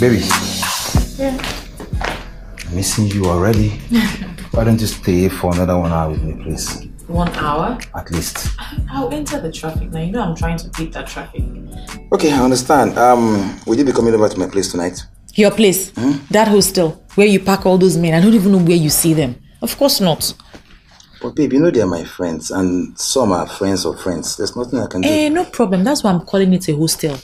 Baby. Yeah. I'm missing you already. Why don't you stay for another one hour with me, please? One hour? At least. I'll enter the traffic now. You know I'm trying to beat that traffic. Okay, I understand. Um, will you be coming over to my place tonight? Your place? Hmm? That hostel where you pack all those men. I don't even know where you see them. Of course not. But babe, you know they're my friends, and some are friends of friends. There's nothing I can do. Eh, no problem. That's why I'm calling it a hostel.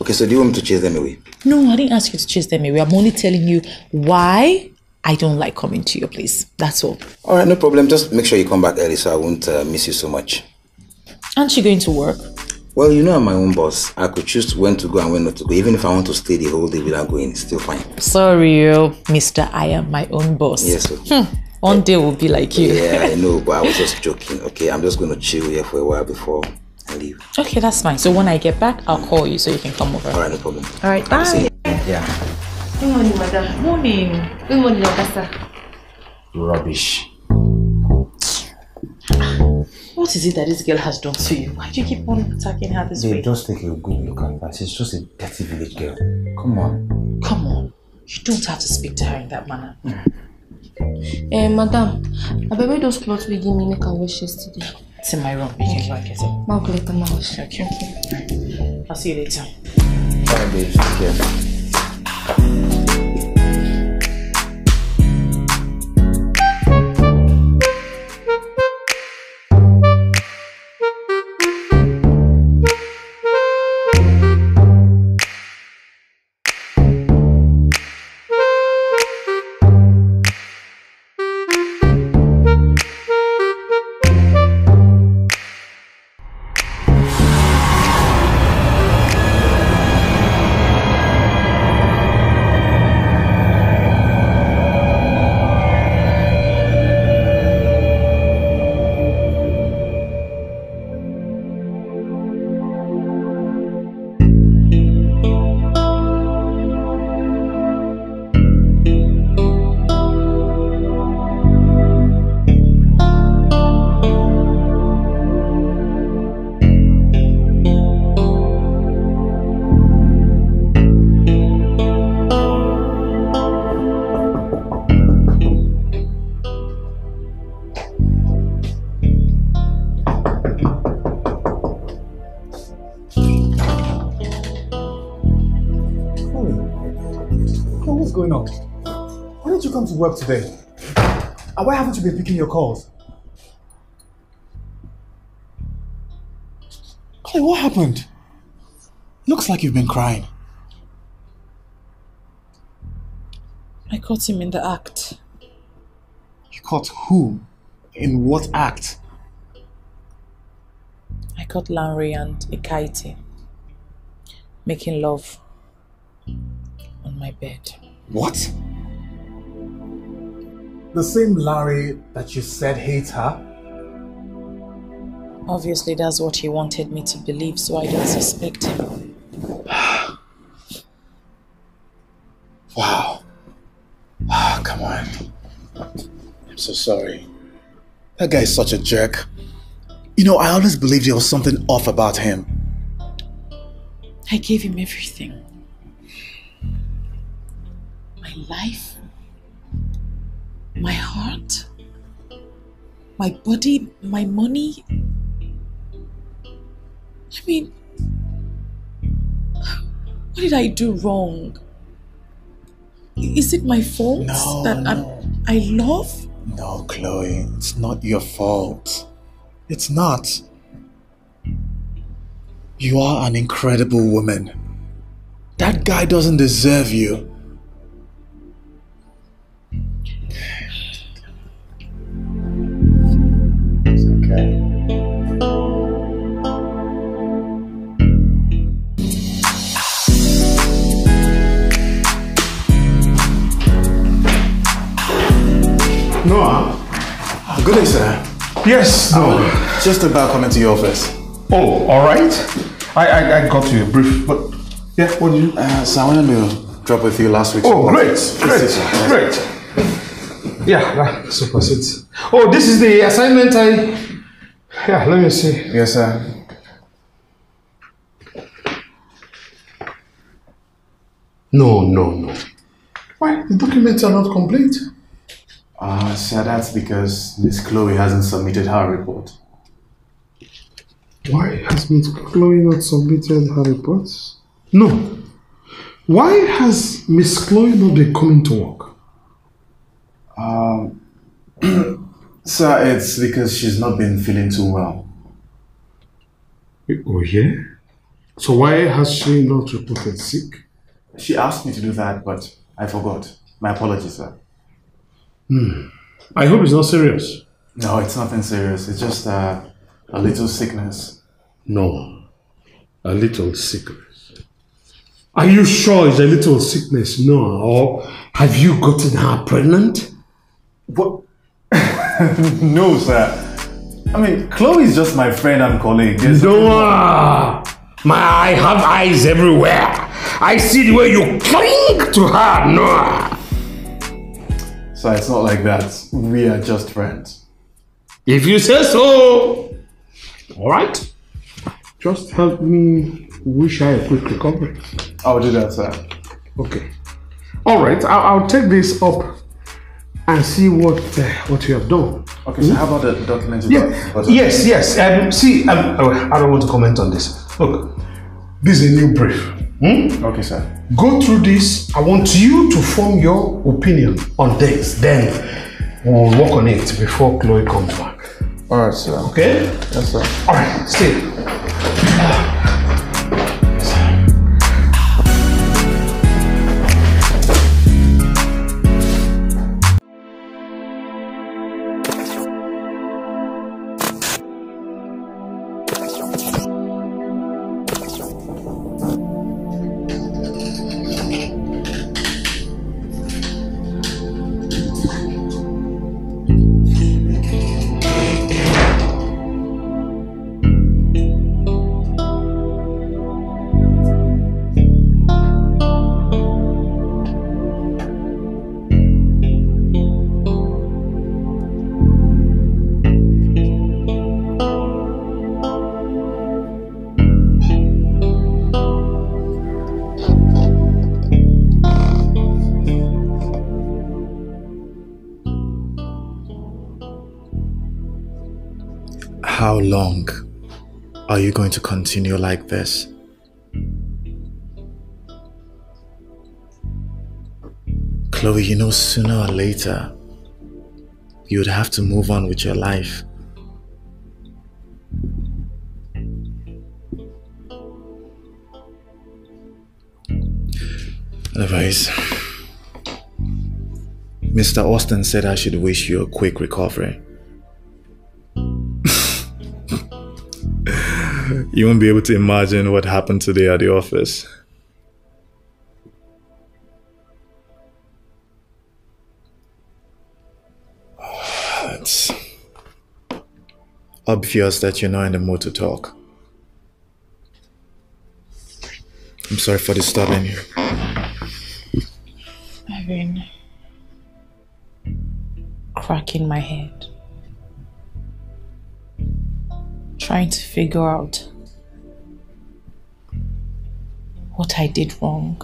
Okay, so do you want me to chase them away? No, I didn't ask you to chase them away. I'm only telling you why I don't like coming to your place. That's all. All right, no problem. Just make sure you come back early so I won't uh, miss you so much. Aren't you going to work? Well, you know I'm my own boss. I could choose when to go and when not to go. Even if I want to stay the whole day without going, it's still fine. Sorry, Mr. I am my own boss. Yes, sir. Hmm. One day will be like you. Yeah, I know, but I was just joking. Okay, I'm just going to chill here for a while before and leave. Okay, that's fine. So when I get back, I'll call you so you can come over. All right, no problem. All right, bye. See you. Yeah. Good morning, madam. Morning. Good morning, Augusta. Rubbish. What is it that this girl has done to you? Why do you keep on attacking her this way? just take a good look at her. She's just a dirty village girl. Come on. Come on. You don't have to speak to her in that manner. Mm. Eh, madam, I beg those clothes we gave me make her wash yesterday. It's in my room. You okay. can go and get it. I'll go later, Mom. Okay. okay. I'll see you later. Bye, babe. Take care. work today? And why haven't you been picking your calls? Clay, what happened? Looks like you've been crying. I caught him in the act. You caught who? In what act? I caught Larry and Ikaiti making love on my bed. What? The same Larry that you said hates her? Obviously, that's what he wanted me to believe, so I don't suspect him. wow. Ah, come on. I'm so sorry. That guy is such a jerk. You know, I always believed there was something off about him. I gave him everything. My life, my heart, my body, my money. I mean, what did I do wrong? Is it my fault no, that no. i I love? No, Chloe, it's not your fault. It's not. You are an incredible woman. That guy doesn't deserve you. Noah, good day, sir. Yes, no. just about coming to your office. Oh, all right. I, I, I got you a brief, but yeah, what did you? Uh, so I wanted to drop with you last week. Oh, great, great, great. great. Yeah, super sweet. Oh, this is the assignment I yeah, let me see. Yes, sir. No, no, no. Why? The documents are not complete. Ah, uh, sir, that's because Miss Chloe hasn't submitted her report. Why has Miss Chloe not submitted her report? No. Why has Miss Chloe not been coming to work? Um, Sir, it's because she's not been feeling too well. Eh, oh, yeah? So why has she not reported sick? She asked me to do that, but I forgot. My apologies, sir. Hmm. I hope it's not serious. No, it's nothing serious. It's just uh, a little sickness. No, a little sickness. Are you sure it's a little sickness? No, or have you gotten her pregnant? What? no, sir. I mean, Chloe's just my friend and colleague. There's Noah! My, I have eyes everywhere. I see the way you cling to her, Noah. So it's not like that. We are just friends. If you say so. All right. Just help me wish her a quick recovery. I'll do that, sir. Okay. All right. I'll, I'll take this up and see what uh, what you have done. Okay, so mm -hmm. how about the documents? Yeah. Yes, yes. Um, see, um, oh, I don't want to comment on this. Look, this is a new brief. Hmm? Okay, sir. Go through this. I want you to form your opinion on this. Then we'll work on it before Chloe comes back. All right, sir. Okay? Yes, sir. All right, stay. Are you going to continue like this? Chloe, you know, sooner or later, you'd have to move on with your life. Otherwise, Mr. Austin said I should wish you a quick recovery. you won't be able to imagine what happened today at the office. It's obvious that you're not in the mood to talk. I'm sorry for disturbing you. I've been cracking my head, trying to figure out what I did wrong.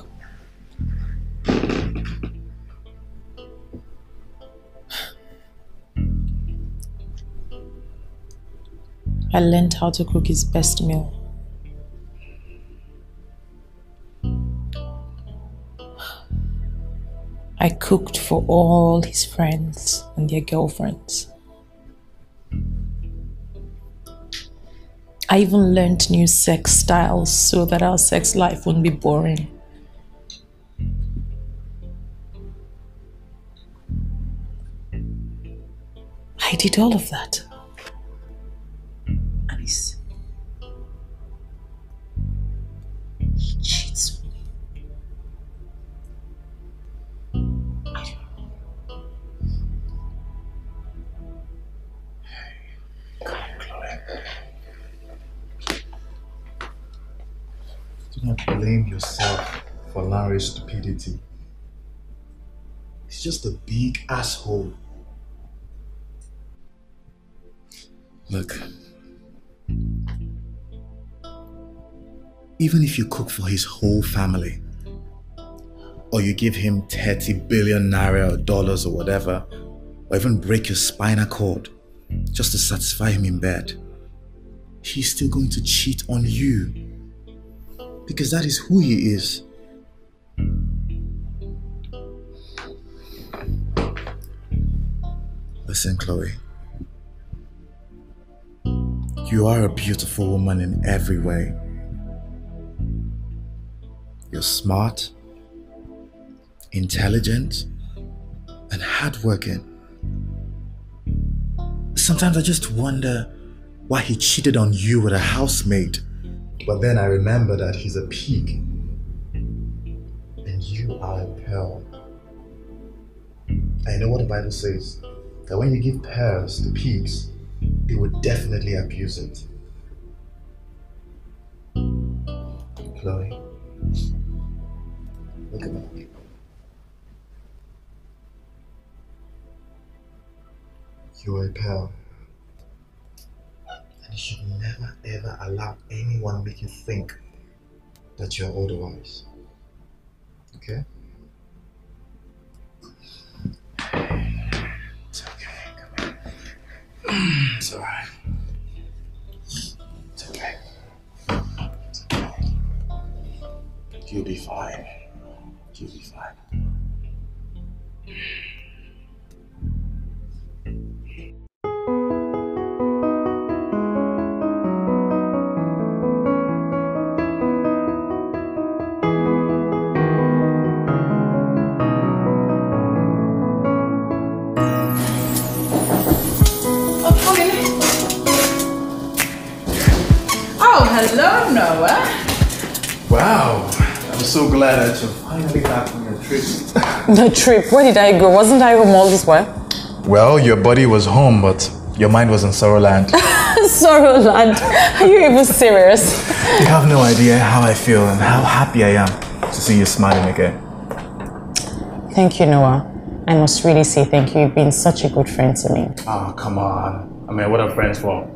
I learned how to cook his best meal. I cooked for all his friends and their girlfriends. I even learned new sex styles so that our sex life wouldn't be boring. I did all of that. not blame yourself for Larry's stupidity. He's just a big asshole. Look. Even if you cook for his whole family, or you give him 30 billion naira or dollars or whatever, or even break your spinal cord just to satisfy him in bed, he's still going to cheat on you because that is who he is. Listen, Chloe. You are a beautiful woman in every way. You're smart, intelligent, and hardworking. Sometimes I just wonder why he cheated on you with a housemate. But then I remember that he's a pig and you are a pearl. I know what the Bible says that when you give pearls to pigs, they would definitely abuse it. Chloe, look at me. You're a pearl. You should never ever allow anyone make you think that you're otherwise. Okay? It's okay, come on. It's alright. It's okay. It's okay. You'll be fine. You'll be fine. glad that you finally back from your trip. the trip? Where did I go? Wasn't I home all this while? Well, your body was home, but your mind was in Sorrow land. Are you even serious? You have no idea how I feel and how happy I am to see you smiling again. Thank you, Noah. I must really say thank you. You've been such a good friend to me. Oh, come on. I mean, what are friends for?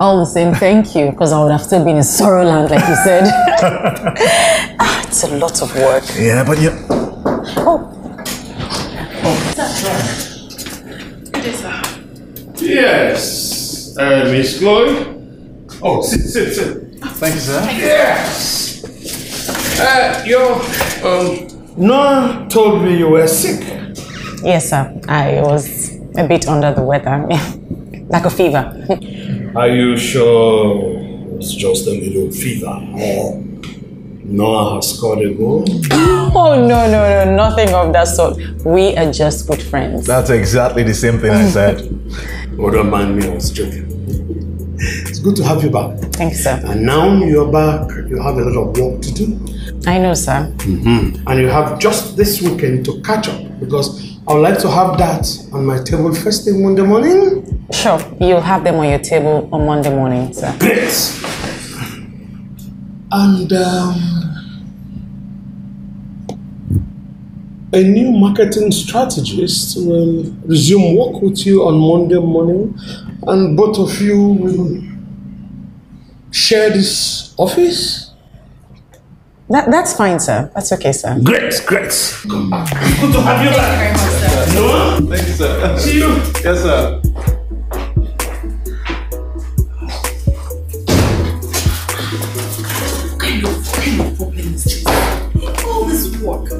All the same, thank you, because I would have still been in Sorrowland, like you said. That's a lot of work. Yeah, but you. Oh. oh. That's Good day, Yes. Uh, Miss Chloe? Oh, sit, sit, sit. Thank you, sir. Yes. Uh, your um, Nora told me you were sick. Yes, sir. I was a bit under the weather, like a fever. Are you sure it's just a little fever? Or Noah has scored a goal. oh, no, no, no, nothing of that sort. We are just good friends. That's exactly the same thing I said. oh, don't mind me, I was joking. It's good to have you back. Thanks, sir. And now you're back, you have a lot of work to do. I know, sir. Mm -hmm. And you have just this weekend to catch up because I would like to have that on my table first thing Monday morning. Sure, you'll have them on your table on Monday morning, sir. Great. And um, a new marketing strategist will resume work with you on Monday morning, and both of you will share this office. That, that's fine, sir. That's okay, sir. Great, great. Good to have you back. Thank you very much, sir. Thank you, sir. See you. Yes, sir. what kind of problem is this? All this work.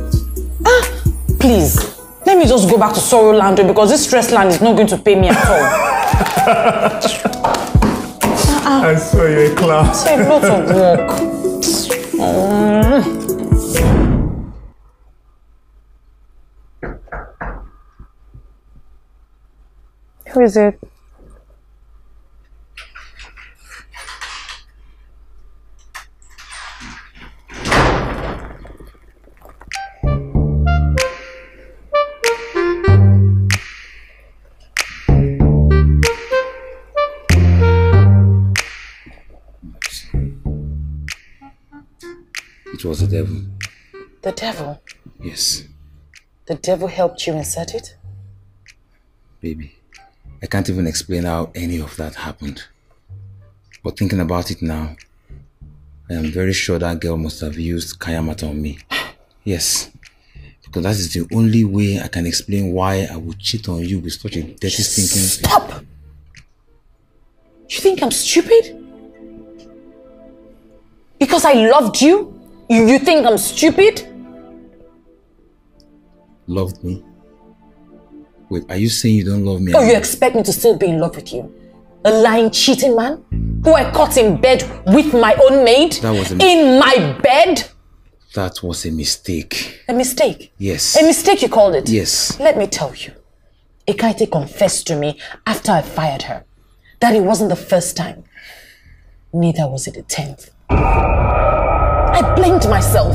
Ah! Please, let me just go back to Sorrow Land because this stress land is not going to pay me at all. uh, I saw you in class. It's a lot of work. Who is it? It was the devil. The devil? Yes. The devil helped you insert it? Baby, I can't even explain how any of that happened. But thinking about it now, I am very sure that girl must have used Kayamata on me. Yes, because that is the only way I can explain why I would cheat on you with such a dirty thinking. Stop! You think I'm stupid? Because I loved you? You, you think I'm stupid? Loved me? Wait, are you saying you don't love me? Oh, you expect me to still be in love with you? A lying, cheating man? Who I caught in bed with my own maid? That was In my bed? That was a mistake. A mistake? Yes. A mistake you called it? Yes. Let me tell you. Ekaite confessed to me after I fired her that it wasn't the first time. Neither was it the tenth. I blamed myself.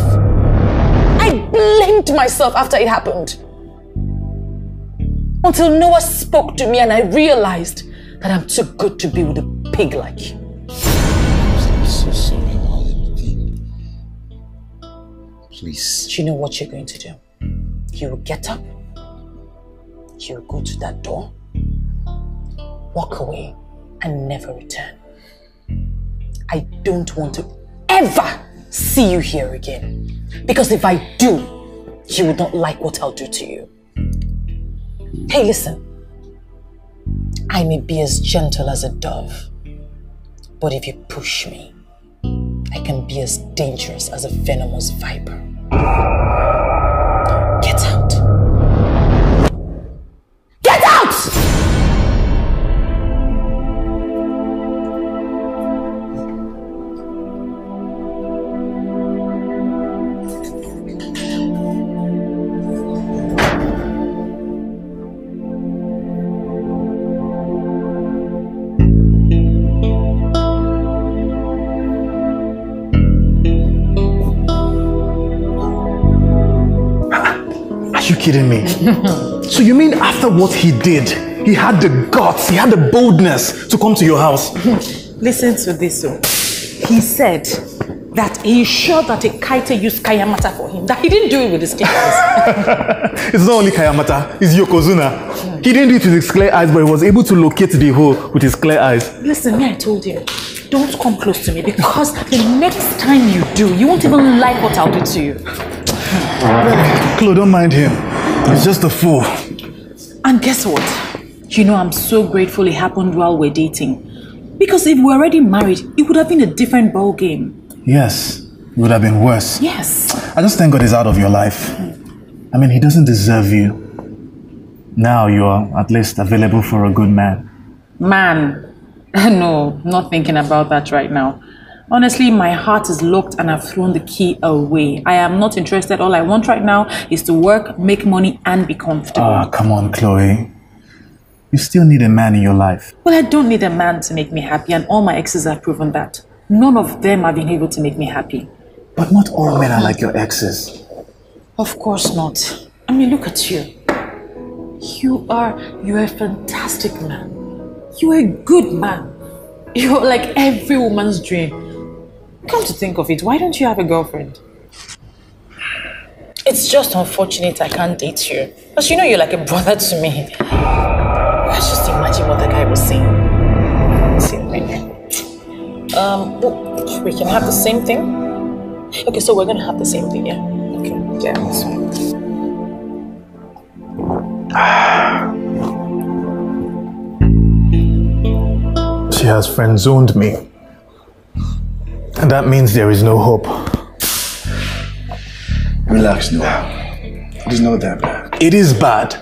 I blamed myself after it happened. Until Noah spoke to me and I realized that I'm too good to be with a pig like you. Please. Do you know what you're going to do? You will get up, you will go to that door, walk away, and never return. I don't want to ever see you here again. Because if I do, you will not like what I'll do to you. Hey, listen. I may be as gentle as a dove, but if you push me, I can be as dangerous as a venomous viper. So you mean after what he did, he had the guts, he had the boldness to come to your house? Hmm. Listen to this. Though. He said that he is sure that a kite used Kayamata for him, that he didn't do it with his clear eyes. it's not only Kayamata, it's Yokozuna. He didn't do it with his clear eyes, but he was able to locate the hole with his clear eyes. Listen, me, I told you, don't come close to me because the next time you do, you won't even like what I'll do to you. Clo, Chloe, don't mind him. He's just a fool. And guess what? You know, I'm so grateful it happened while we're dating. Because if we are already married, it would have been a different ball game. Yes, it would have been worse. Yes. I just thank God he's out of your life. I mean, he doesn't deserve you. Now you're at least available for a good man. Man. no, not thinking about that right now. Honestly, my heart is locked and I've thrown the key away. I am not interested. All I want right now is to work, make money, and be comfortable. Ah, come on, Chloe. You still need a man in your life. Well, I don't need a man to make me happy, and all my exes have proven that. None of them have been able to make me happy. But not all men are like your exes. Of course not. I mean, look at you. You are, you're a fantastic man. You're a good man. You're like every woman's dream. Come to think of it, why don't you have a girlfriend? It's just unfortunate I can't date you. But you know you're like a brother to me. I just imagine what that guy was saying. Same thing. Um, oh, we can have the same thing. Okay, so we're gonna have the same thing, yeah? Okay, yeah, that's She has friend zoned me. And that means there is no hope. Relax, now. It is not that bad. It is bad.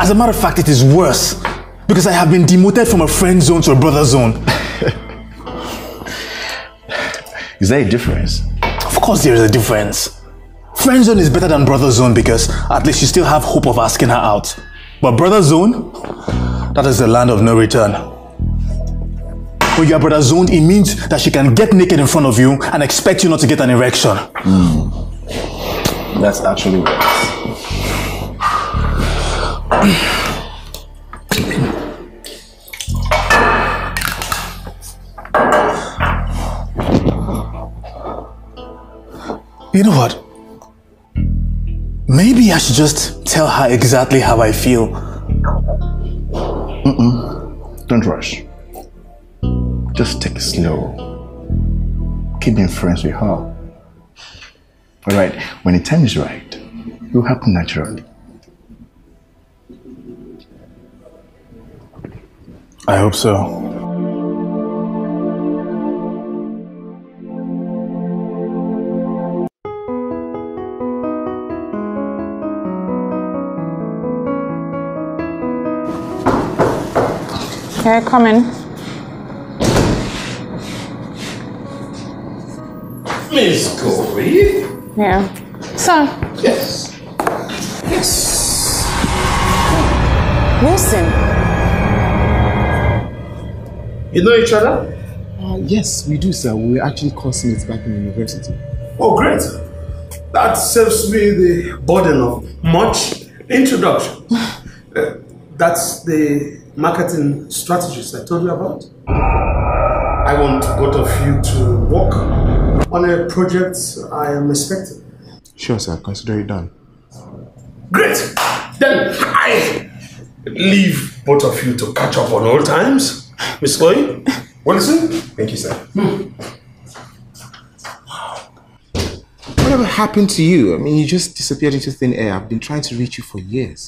As a matter of fact, it is worse. Because I have been demoted from a friend zone to a brother zone. is there a difference? Of course there is a difference. Friend zone is better than brother zone because at least you still have hope of asking her out. But brother zone, that is the land of no return. When you are brother zoned, it means that she can get naked in front of you and expect you not to get an erection. Mm. That's actually worse. You know what? Maybe I should just tell her exactly how I feel. Mm -mm. Don't rush. Just take it slow. Keep being friends with her. Alright, when the time is right, it will happen naturally. I hope so. Okay, come in. Miss Corey? Yeah. So. Yes. Yes. Wilson. You know each other? Uh, yes, we do, sir. We were actually classmates back in university. Oh, great. That saves me the burden of much introduction. uh, that's the marketing strategist I told you about. I want both of you to work on a project, I am expected. Sure, sir. Consider it done. Great! Then I leave both of you to catch up on old times. Miss Chloe, Wilson? Thank you, sir. Hmm. Whatever happened to you? I mean, you just disappeared into thin air. I've been trying to reach you for years.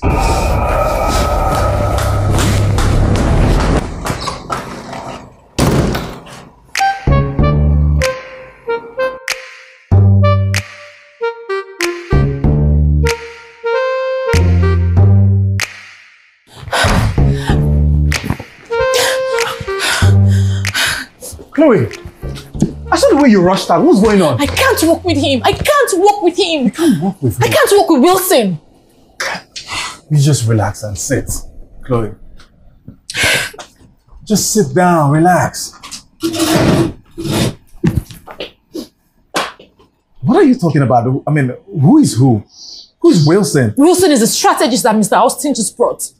you rushed out? What's going on? I can't work with him. I can't work with him. You can't work with him. I can't work with Wilson. You just relax and sit, Chloe. Just sit down, relax. What are you talking about? I mean, who is who? Who's Wilson? Wilson is a strategist that Mr. Austin just brought.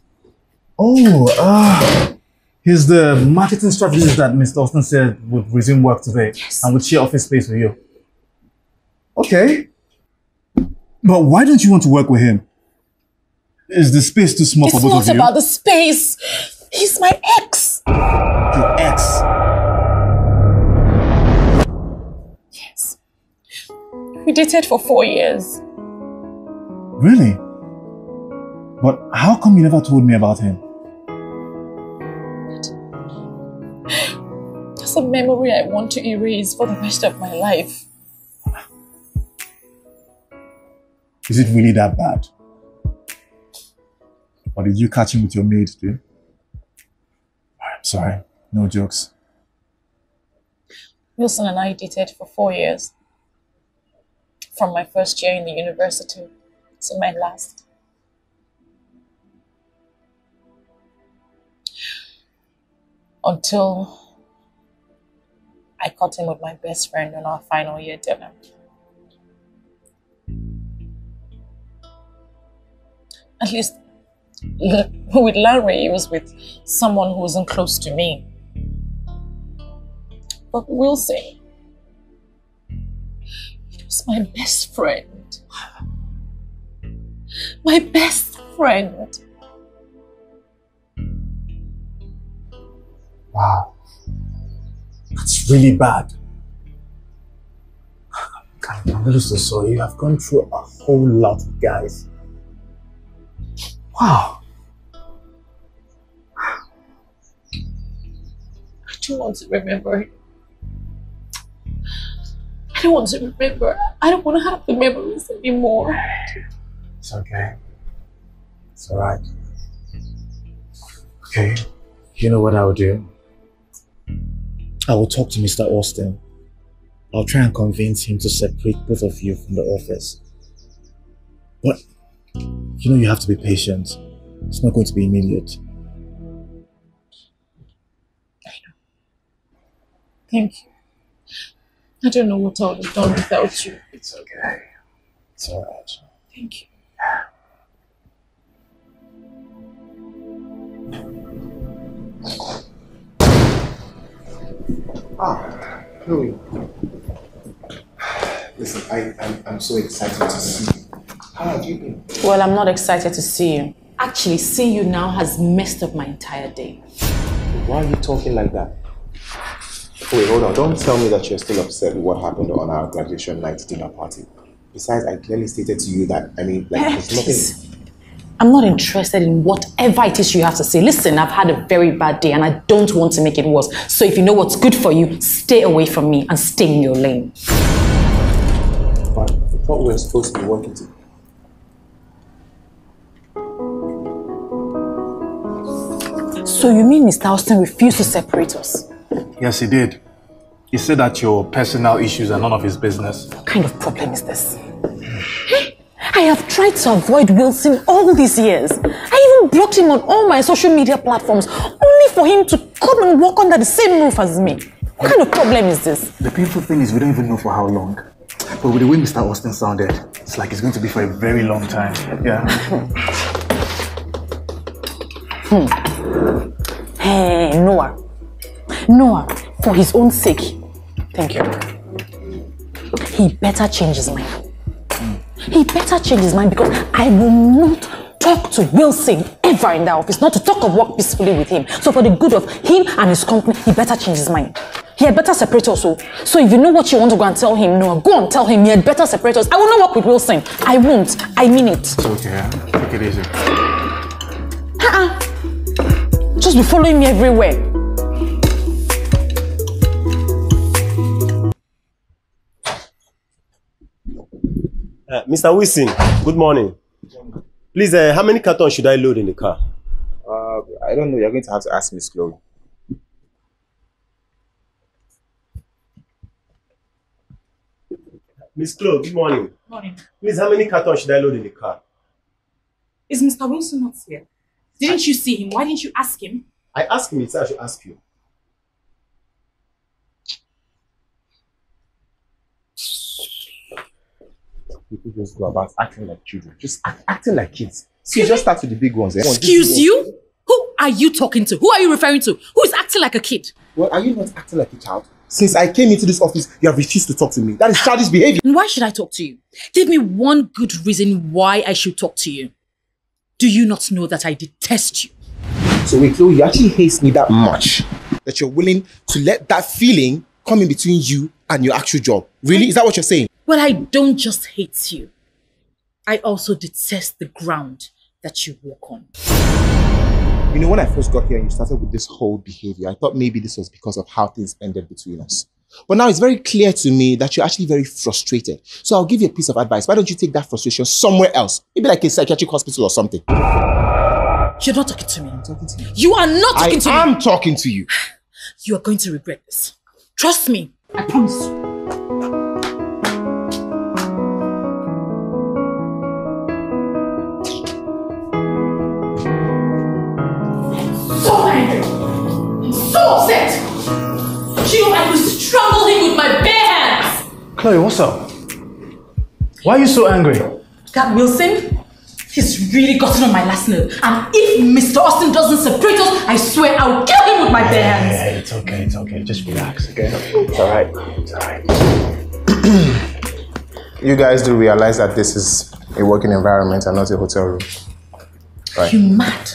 Oh, uh, He's the marketing strategist that Mr. Austin said would resume work today yes. and would share office space with you. Okay. But why don't you want to work with him? Is the space too small it's for both of you? It's not about the space. He's my ex. Your ex? Yes. We dated for four years. Really? But how come you never told me about him? a memory I want to erase for the rest of my life. Is it really that bad? Or did you catch him with your maid today? I'm sorry, no jokes. Wilson and I dated for four years. From my first year in the university to my last. Until I caught him with my best friend on our final year dinner. At least with Larry, he was with someone who wasn't close to me. But we'll see. he was my best friend. My best friend. Wow. That's really bad. I'm really so sorry. You have gone through a whole lot, guys. Wow. I don't want to remember I don't want to remember. I don't want to have the memories anymore. It's okay. It's alright. Okay. You know what I'll do? I will talk to Mr. Austin. I'll try and convince him to separate both of you from the office. But, you know you have to be patient. It's not going to be immediate. I know. Thank you. I don't know what I would have done without you. It's okay. It's alright. Thank you. Yeah. Ah, Chloe. Listen, I, I'm, I'm so excited to see you. How have you been? Well, I'm not excited to see you. Actually, seeing you now has messed up my entire day. Why are you talking like that? Wait, hold on. Don't tell me that you're still upset with what happened on our graduation night dinner party. Besides, I clearly stated to you that, I mean, like, there's nothing... I'm not interested in whatever it is you have to say. Listen, I've had a very bad day and I don't want to make it worse. So if you know what's good for you, stay away from me and stay in your lane. But I thought we were supposed to be working together. So you mean Mr. Austin refused to separate us? Yes, he did. He said that your personal issues are none of his business. What kind of problem is this? I have tried to avoid Wilson all these years. I even blocked him on all my social media platforms, only for him to come and walk under the same roof as me. What kind of problem is this? The painful thing is we don't even know for how long. But with the way Mr. Austin sounded, it's like it's going to be for a very long time. Yeah. hmm. Hey, Noah. Noah, for his own sake. Thank you. He better change his mind. He better change his mind because I will not talk to Wilson ever in that office, not to talk or work peacefully with him. So for the good of him and his company, he better change his mind. He had better separate us. So, oh. so if you know what you want to go and tell him, no, go and tell him he had better separate us. I will not work with Wilson. I won't. I mean it. It's okay, take it easy. Uh-uh. Just be following me everywhere. Uh, Mr. Wilson, good morning. Please, uh, how many cartons should I load in the car? Uh, I don't know. You're going to have to ask Miss Chloe. Miss Chloe, good morning. Morning. Please, how many cartons should I load in the car? Is Mr. Wilson not here? Didn't you see him? Why didn't you ask him? I asked him, It's I should ask you. people just go about acting like children, just act, acting like kids. See, just start with the big ones. Eh? Excuse you? Who are you talking to? Who are you referring to? Who is acting like a kid? Well, are you not acting like a child? Since I came into this office, you have refused to talk to me. That is childish behavior. And why should I talk to you? Give me one good reason why I should talk to you. Do you not know that I detest you? So wait, Chloe, you actually hate me that much that you're willing to let that feeling come in between you and your actual job. Really? Is that what you're saying? Well, I don't just hate you. I also detest the ground that you walk on. You know, when I first got here and you started with this whole behavior, I thought maybe this was because of how things ended between us. But now it's very clear to me that you're actually very frustrated. So I'll give you a piece of advice. Why don't you take that frustration somewhere else? Maybe like a psychiatric hospital or something. You're not talking to me. I'm talking to you. You are not talking I to me. I am talking to you. You are going to regret this. Trust me. I promise you. Chloe, what's up? Why are you so angry? That Wilson, he's really gotten on my last nerve. And if Mr. Austin doesn't separate us, I swear I'll kill him with my bare hands. Yeah, yeah, it's okay, it's okay. Just relax, okay? It's alright. It's alright. you guys do realize that this is a working environment and not a hotel room. Right. Are you mad?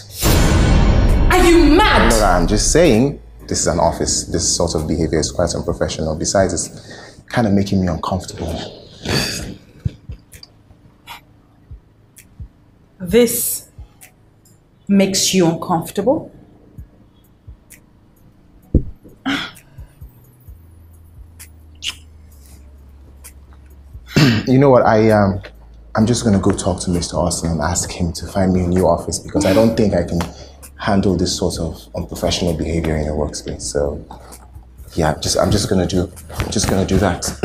Are you mad? No, I'm just saying this is an office. This sort of behavior is quite unprofessional. Besides, it's kind of making me uncomfortable. This makes you uncomfortable? you know what? I um, I'm just gonna go talk to Mr. Austin and ask him to find me a new office because I don't think I can handle this sort of unprofessional behavior in a workspace. So yeah, just I'm just gonna do, just gonna do that.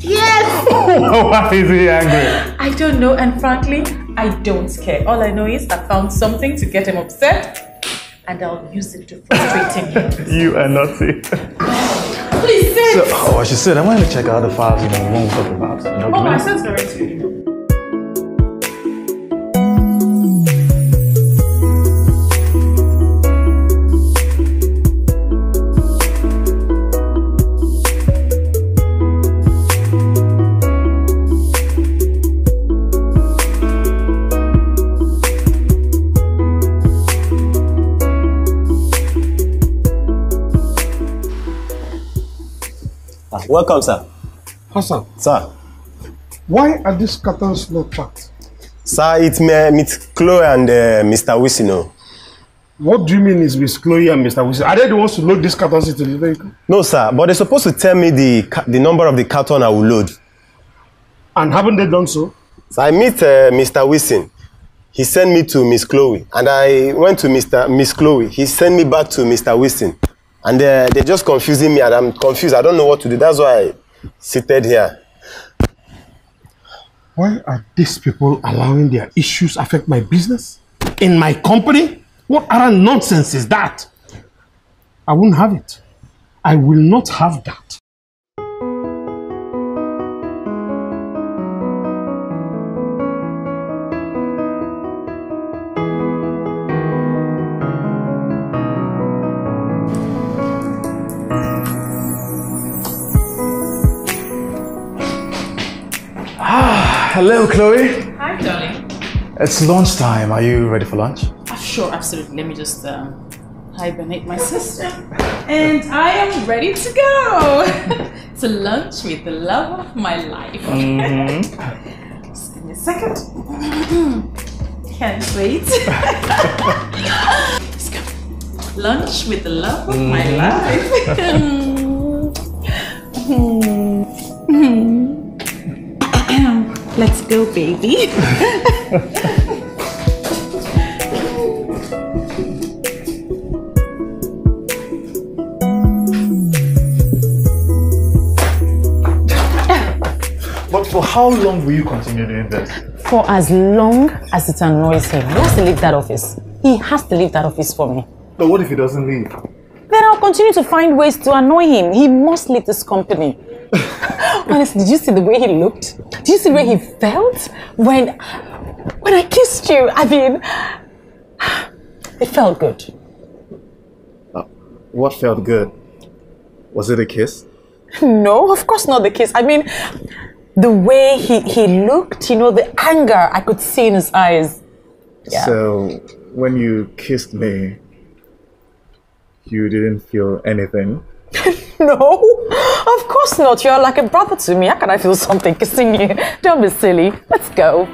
yes. Why is he angry? I don't know, and frankly, I don't care. All I know is I found something to get him upset, and I'll use it to frustrate him. you are naughty. Please sit. So, oh, I should sit. I wanted to check out the files. You know, we won't talk about. oh, my son's already. Welcome, sir. Hassan. Sir. Why are these cartons not packed? Sir, it's Miss Chloe and uh, Mr. Wisino. What do you mean is Miss Chloe and Mr. Wilson? Are they the ones to load these cartons into the vehicle? No, sir, but they're supposed to tell me the, the number of the carton I will load. And haven't they done so? So I meet uh, Mr. Wilson. He sent me to Miss Chloe, and I went to Mr. Miss Chloe. He sent me back to Mr. Wilson. And they're, they're just confusing me, and I'm confused. I don't know what to do. That's why I seated here. Why are these people allowing their issues affect my business? In my company? What other nonsense is that? I wouldn't have it. I will not have that. Hello, Chloe. Hi, Chloe. It's lunchtime. Are you ready for lunch? Uh, sure, absolutely. Let me just um, hibernate my sister, And I am ready to go to lunch with the love of my life. Mm -hmm. just give me a second. Can't wait. Let's go. Lunch with the love of mm -hmm. my mm-hmm. life. Mm-hmm. Mm-hmm. Let's go, baby. but for how long will you continue doing this? For as long as it annoys him. He has to leave that office. He has to leave that office for me. But what if he doesn't leave? Then I'll continue to find ways to annoy him. He must leave this company. Honestly, did you see the way he looked? Did you see the way he felt when when I kissed you? I mean, it felt good. Uh, what felt good? Was it a kiss? No, of course not the kiss. I mean, the way he, he looked, you know, the anger I could see in his eyes. Yeah. So, when you kissed me, you didn't feel anything? no, of course not. You're like a brother to me. How can I feel something kissing you? Don't be silly. Let's go.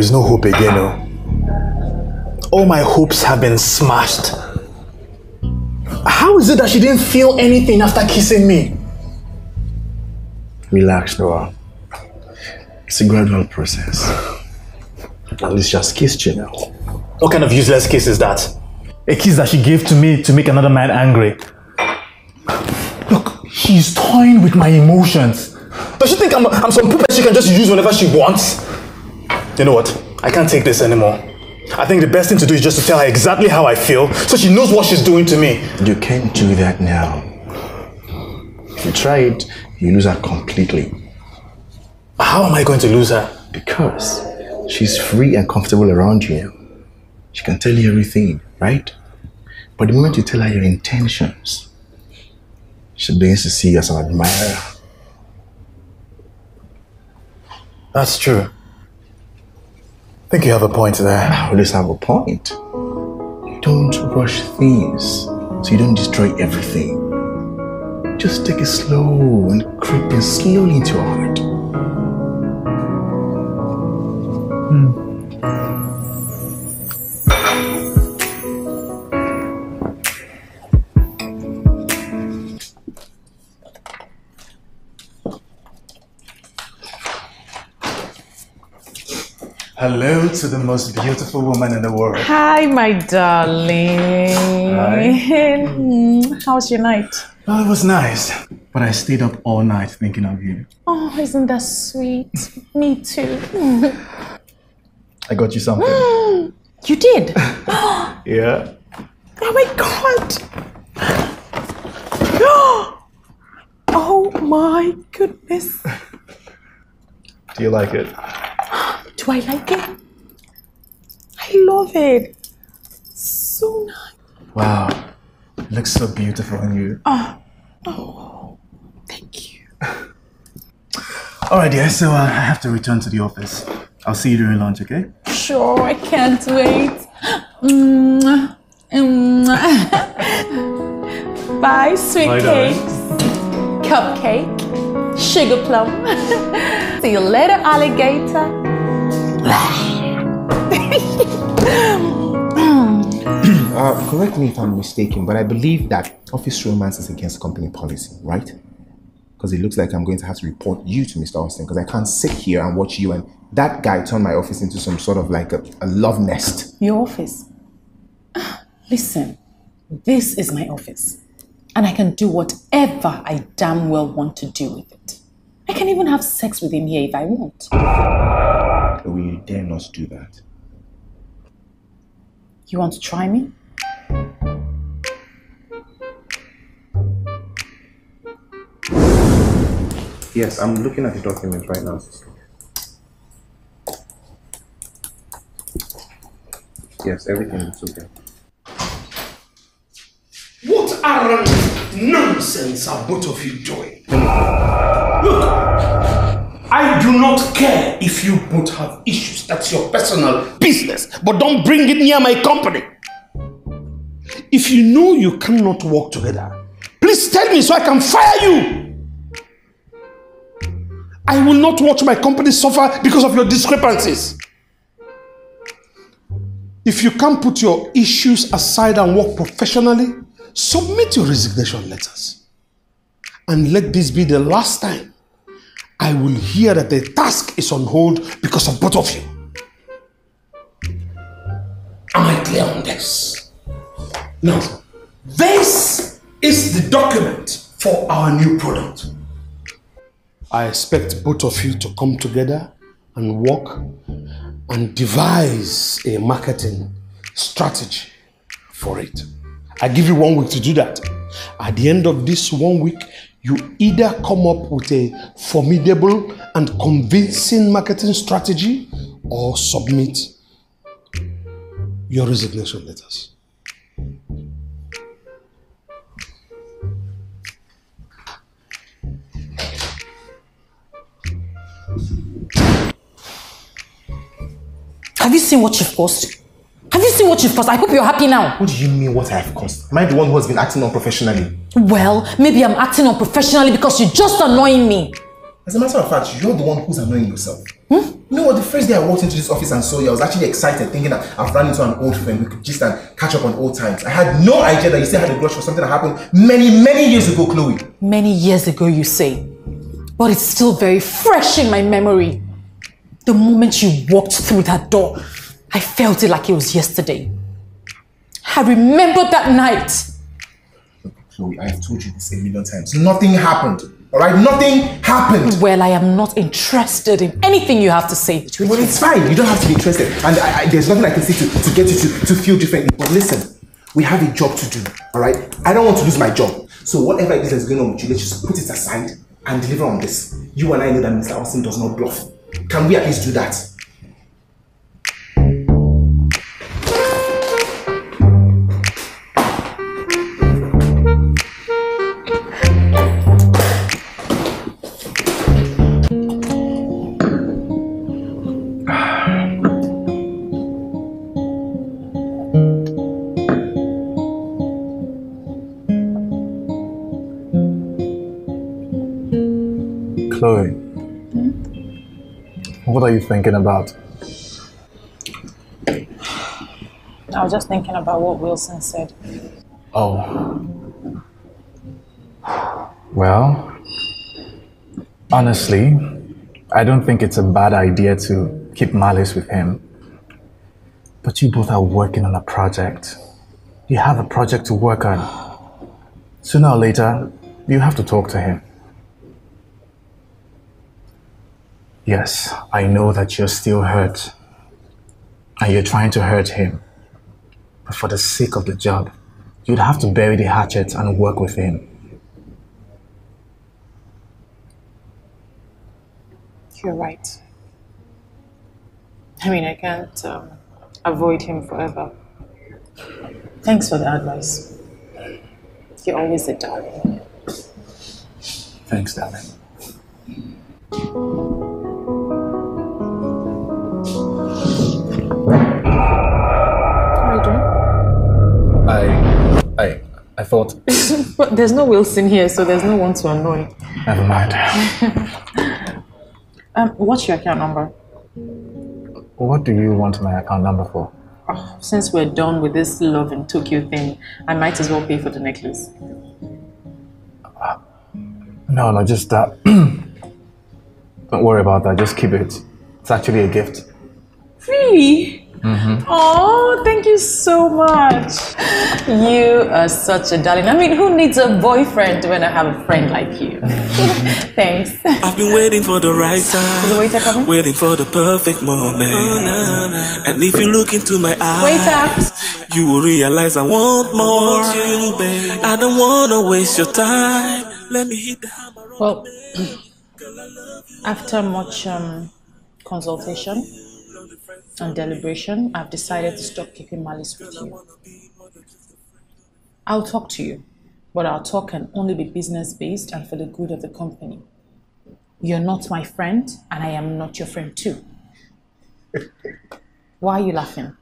is no hope again. No. Oh. All my hopes have been smashed. How is it that she didn't feel anything after kissing me? Relax, Noah. It's a gradual process. At least just kissed you now. What kind of useless kiss is that? A kiss that she gave to me to make another man angry. Look, she's toying with my emotions. Does she think I'm, I'm some puppet she can just use whenever she wants? You know what? I can't take this anymore. I think the best thing to do is just to tell her exactly how I feel so she knows what she's doing to me. You can't do that now. If you try it, you lose her completely. How am I going to lose her? Because she's free and comfortable around you. She can tell you everything, right? But the moment you tell her your intentions, she begins to see you as an admirer. That's true think you have a point there. I always have a point. Don't rush things so you don't destroy everything. Just take it slow and creep in slowly into your heart. Hmm. Hello to the most beautiful woman in the world. Hi, my darling. Hi. Mm-hmm. was your night? Oh, it was nice, but I stayed up all night thinking of you. Oh, isn't that sweet? Me too. I got you something. Mm, you did? yeah. Oh my god. oh my goodness. Do you like it? Do I like it? I love it. So nice. Wow. It looks so beautiful on you. Oh, oh thank you. All right, dear. So uh, I have to return to the office. I'll see you during lunch, okay? Sure. I can't wait. Mm Bye, sweet Bye, cakes. Darling. Cupcake. Sugar plum. see you later, alligator. uh, correct me if I'm mistaken, but I believe that office romance is against company policy, right? Because it looks like I'm going to have to report you to Mr. Austin because I can't sit here and watch you and that guy turn my office into some sort of like a, a love nest. Your office? Listen, this is my office and I can do whatever I damn well want to do with it. I can even have sex with him here if I want. But will you dare not do that? You want to try me? Yes, I'm looking at the document right now. Yes, everything is okay. What are nonsense are both of you doing? Look, I do not care if you both have issues. That's your personal business. But don't bring it near my company. If you know you cannot work together, please tell me so I can fire you. I will not watch my company suffer because of your discrepancies. If you can't put your issues aside and work professionally, submit your resignation letters. And let this be the last time I will hear that the task is on hold because of both of you. Am I clear on this? Now, this is the document for our new product. I expect both of you to come together and work and devise a marketing strategy for it. I give you one week to do that. At the end of this one week, you either come up with a formidable and convincing marketing strategy or submit your resignation letters. Have you seen what you've caused? Have you seen what you've caused? I hope you're happy now. What do you mean what I've caused? Am I the one who has been acting unprofessionally? Well, maybe I'm acting unprofessionally because you're just annoying me. As a matter of fact, you're the one who's annoying yourself. Hmm? You know what? The first day I walked into this office and saw you, I was actually excited, thinking that I've run into an old friend. We could just catch up on old times. I had no idea that you still had a grudge for something that happened many, many years ago, Chloe. Many years ago, you say. But it's still very fresh in my memory. The moment you walked through that door, I felt it like it was yesterday. I remember that night. Chloe, I have told you this a million times. Nothing happened. All right? Nothing happened. Well, I am not interested in anything you have to say. between Well, it's fine. You don't have to be interested. And I, I, there's nothing I can say to, to get you to, to feel differently. But listen, we have a job to do. All right? I don't want to lose my job. So whatever it is that's going on with you, let's just put it aside and deliver on this. You and I know that Mr. Austin does not bluff. Can we at least do that? thinking about? I was just thinking about what Wilson said. Oh. Well, honestly, I don't think it's a bad idea to keep malice with him. But you both are working on a project. You have a project to work on. Sooner or later, you have to talk to him. Yes, I know that you're still hurt and you're trying to hurt him. But for the sake of the job, you'd have to bury the hatchet and work with him. You're right. I mean, I can't um, avoid him forever. Thanks for the advice. You're always a darling. Thanks, darling. thought. but there's no Wilson here, so there's no one to annoy. Never mind. um, what's your account number? What do you want my account number for? Oh, since we're done with this love in Tokyo thing, I might as well pay for the necklace. Uh, no, no, just uh, that. Don't worry about that. Just keep it. It's actually a gift. Really? Mm-hmm. Oh, thank you so much. You are such a darling. I mean, who needs a boyfriend when I have a friend like you? Mm-hmm. Thanks. I've been waiting for the right time. The waiting for the perfect moment. Oh, no, no. And if you look into my eyes, waiter. you will realize I want more. I, want you, I don't wanna waste your time. Let me hit the hammer. Well, after much um, consultation and deliberation, I've decided to stop keeping malice with you. I'll talk to you, but our talk can only be business based and for the good of the company. You're not my friend, and I am not your friend too. Why are you laughing?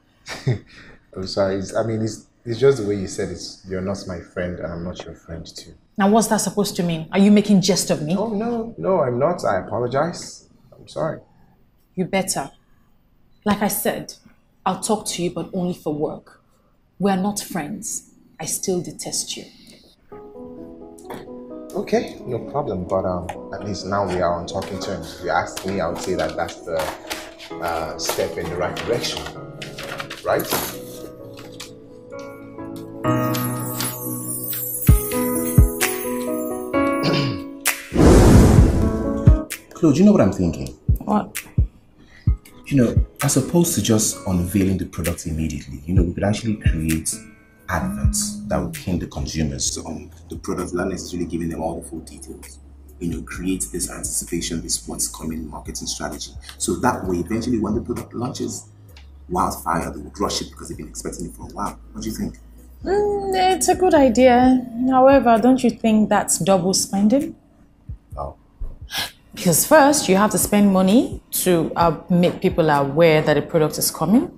I'm sorry. I mean, it's, it's just the way you said it. You're not my friend, and I'm not your friend too. Now, what's that supposed to mean? Are you making jest of me? Oh, no, no, I'm not. I apologize. I'm sorry. You better. Like I said, I'll talk to you, but only for work. We're not friends. I still detest you. Okay, no problem. But um, at least now we are on talking terms. If you ask me, I would say that that's the uh, step in the right direction, right? Claude, you know what I'm thinking? What? you know, as opposed to just unveiling the product immediately, you know, we could actually create adverts that would pin the consumers on the product without necessarily giving them all the full details. You know, create this anticipation, this what's coming marketing strategy. So that way, eventually, when the product launches, wildfire, they would rush it because they've been expecting it for a while. What do you think? Mm, it's a good idea. However, don't you think that's double spending? Because first, you have to spend money to uh, make people aware that a product is coming.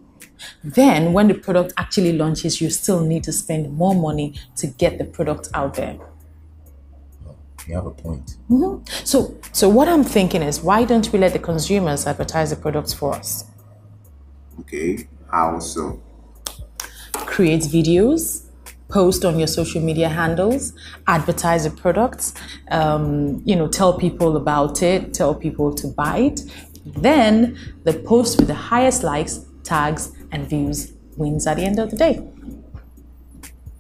Then, when the product actually launches, you still need to spend more money to get the product out there. Oh, you have a point. Mm-hmm. So, so what I'm thinking is, why don't we let the consumers advertise the products for us? Okay, how so? Create videos, post on your social media handles, advertise the products, um, you know, tell people about it, tell people to buy it. Then the post with the highest likes, tags, and views wins at the end of the day.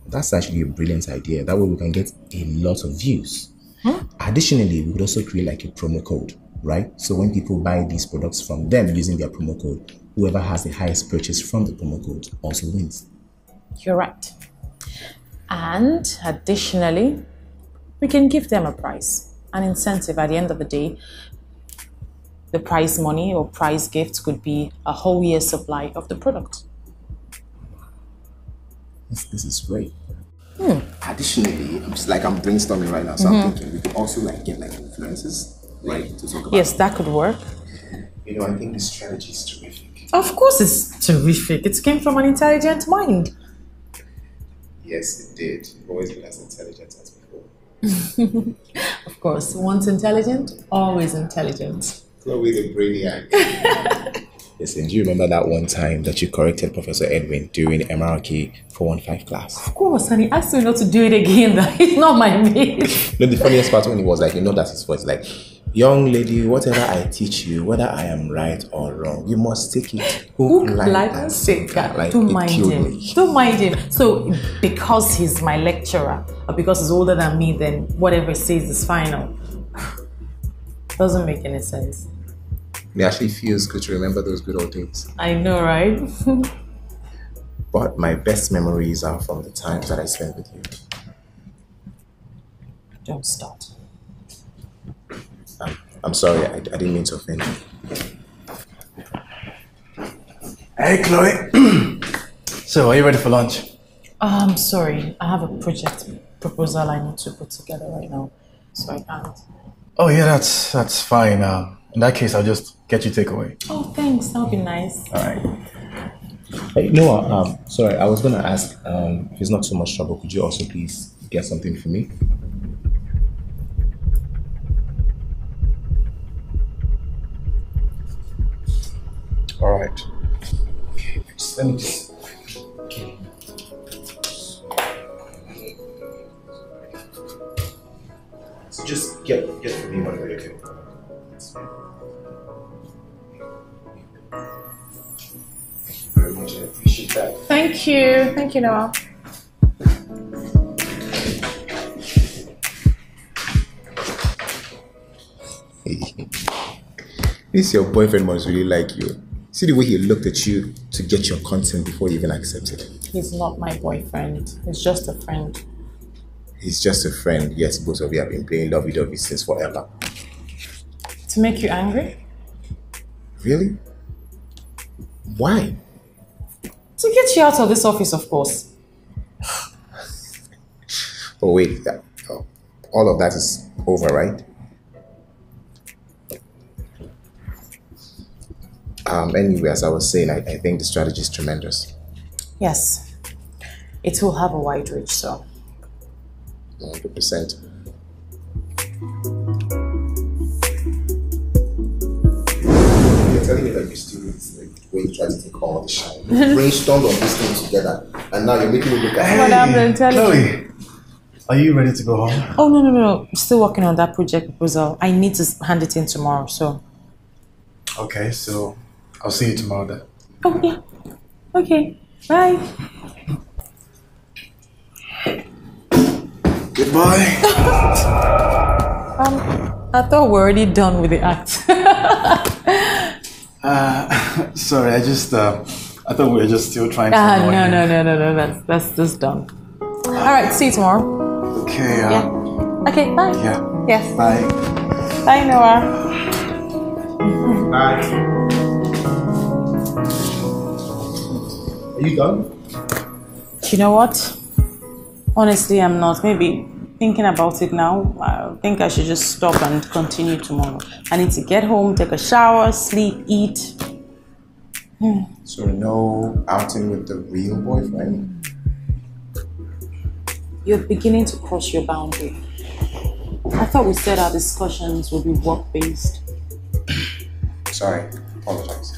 That's actually a brilliant idea. That way we can get a lot of views. Huh? Additionally, we could also create like a promo code, right? So when people buy these products from them using their promo code, whoever has the highest purchase from the promo code also wins. You're right. And additionally, we can give them a prize, an incentive at the end of the day. The prize money or prize gift could be a whole year supply of the product. This, this is great. Hmm. Additionally, I'm just like I'm brainstorming right now, so mm -hmm. I'm mm-hmm. thinking we could also like get like influences, right? To talk about. Yes, that could work. You know, I think this strategy is terrific. Of course, it's terrific. It came from an intelligent mind yes, it did. You've always been as intelligent as before. of course, once intelligent, always intelligent. Chloe the brainiac. Listen, do you remember that one time that you corrected Professor Edwin during MRK 415 class? Of course, and he asked me not to do it again. That it's not my beat. no, the funniest part when he was like, you know, that's his voice, like, young lady, whatever I teach you, whether I am right or wrong, you must take it hook, hook and sinker. Like Don't mind him. Me. Don't mind him. So because he's my lecturer, or because he's older than me, then whatever he says is final. Doesn't make any sense. It actually feels good to remember those good old days. I know, right? but my best memories are from the times that I spent with you. Don't start. I'm sorry, I, I didn't mean to offend you. Hey, Chloe. so, are you ready for lunch? Oh, I'm um, sorry, I have a project proposal I need to put together right now, so I can't. Oh, yeah, that's that's fine. Um, in that case, I'll just get you takeaway. Oh, thanks. That'll be nice. All right. Hey, Noah, um, sorry, I was going to ask um, if it's not so much trouble, could you also please get something for me? All right. Okay, let me just. So just get get for me one way, okay? Thank you very much. appreciate that. Thank you. Thank you, Noah. This your boyfriend must really like you. See the way he looked at you to get your consent before you even accepted. He's not my boyfriend. He's just a friend. He's just a friend. Yes, both of you have been playing lovey-dovey since forever. To make you angry? Really? Why? To get you out of this office, of course. oh, wait. Oh, all of that is over, right? um, anyway, as I was saying, I, I think the strategy is tremendous. Yes, it will have a wide reach, so. 100%. You're telling me that you still like, when you try to take all the shine, you brainstormed on this thing together, and now you're making me look at hey, Chloe, are you ready to go home? Oh, no, no, no, I'm still working on that project proposal. I need to hand it in tomorrow, so. Okay, so I'll see you tomorrow then. Okay. Oh, okay. Bye. Goodbye. um, I thought we're already done with the act. uh, sorry, I just, uh, I thought we were just still trying to. Uh, no, no, no, no, no, that's, that's just done. All right, see you tomorrow. Okay. Uh, yeah. Okay, bye. Yeah. Yes. Bye. Bye, Noah. Bye. Are you done? You know what? Honestly, I'm not. Maybe thinking about it now, I think I should just stop and continue tomorrow. I need to get home, take a shower, sleep, eat. So no outing with the real boyfriend? You're beginning to cross your boundary. I thought we said our discussions would be work-based. Sorry, apologize.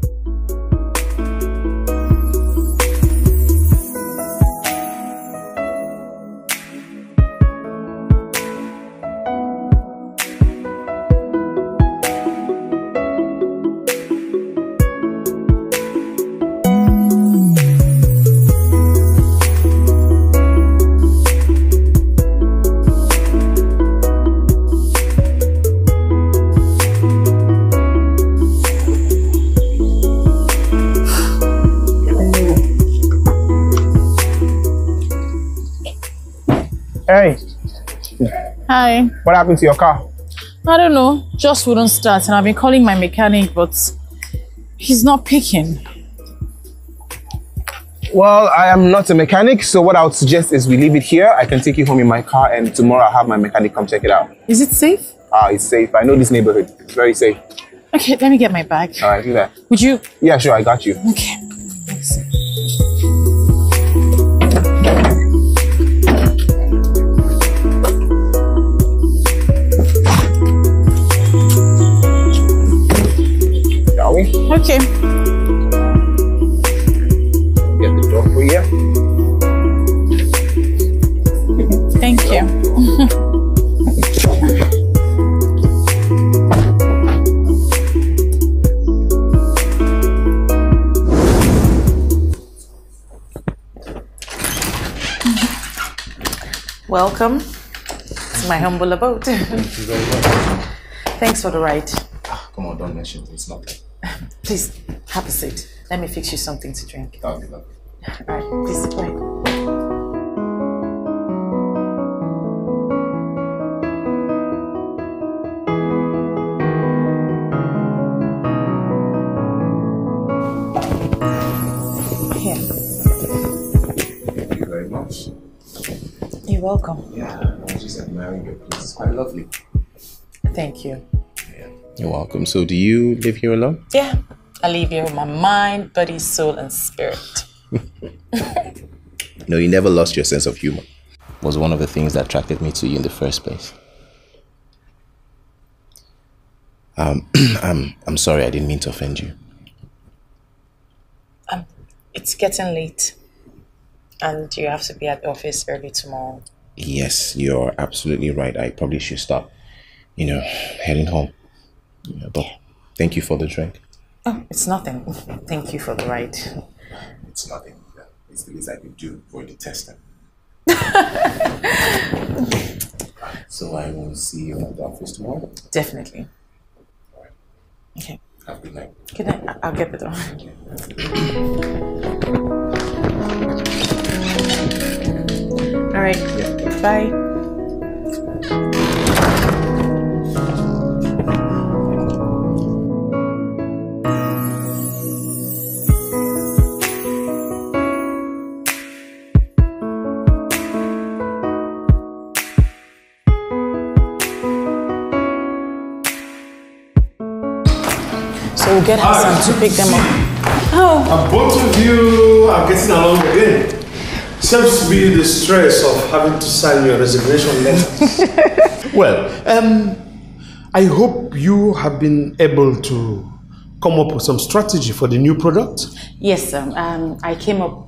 Hi. What happened to your car? I don't know. Just wouldn't start, and I've been calling my mechanic, but he's not picking. Well, I am not a mechanic, so what I would suggest is we leave it here. I can take you home in my car, and tomorrow I'll have my mechanic come check it out. Is it safe? Ah, it's safe. I know this neighborhood. It's very safe. Okay, let me get my bag. All right, do that. Would you? Yeah, sure. I got you. Okay. Okay. Okay. Get the door for you. Thank you. Welcome to my humble abode. Thank you very much. Thanks for the ride. Ah, come on, don't mention it. It's not like Please, have a seat. Let me fix you something to drink. That would be lovely. All right, please sit welcome. Yeah, I was just admiring your place. It's quite lovely. Thank you. Yeah. You're welcome. So, do you live here alone? Yeah, I leave you with my mind, body, soul, and spirit. no, you never lost your sense of humor. Was one of the things that attracted me to you in the first place. Um, I'm, I'm sorry, I didn't mean to offend you. Um, it's getting late, and you have to be at the office early tomorrow. Yes, you're absolutely right. I probably should stop, you know, heading home. But thank you for the drink. Oh, it's nothing. Thank you for the ride. It's nothing. It's the least I can do for the tester. so I will see you at the office tomorrow? Definitely. Okay. Have a good night. Good night. I I'll get the door. All right. Yeah. Bye. and get her some to pick them up. Oh. Uh, both of you are getting along again. Seems to be the stress of having to sign your resignation letter. well, um, I hope you have been able to come up with some strategy for the new product. Yes, sir. Um, um, I came up.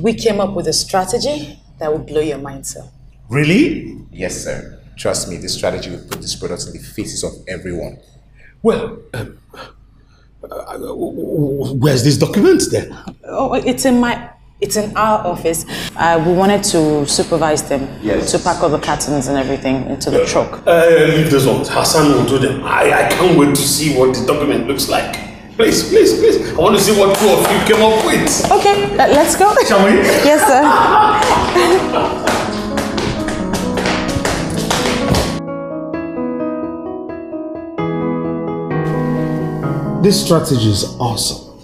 We came up with a strategy that will blow your mind, sir. Really? Yes, sir. Trust me, this strategy will put this product in the faces of everyone. Well, um, uh, where's this document then? Oh, it's in my, it's in our office. Uh, we wanted to supervise them yes. to pack all the cartons and everything into the uh, truck. Uh, leave those ones. Hassan will do them. I, I can't wait to see what the document looks like. Please, please, please. I want to see what two of you came up with. Okay, let's go. Shall we? yes, sir. This strategy is awesome.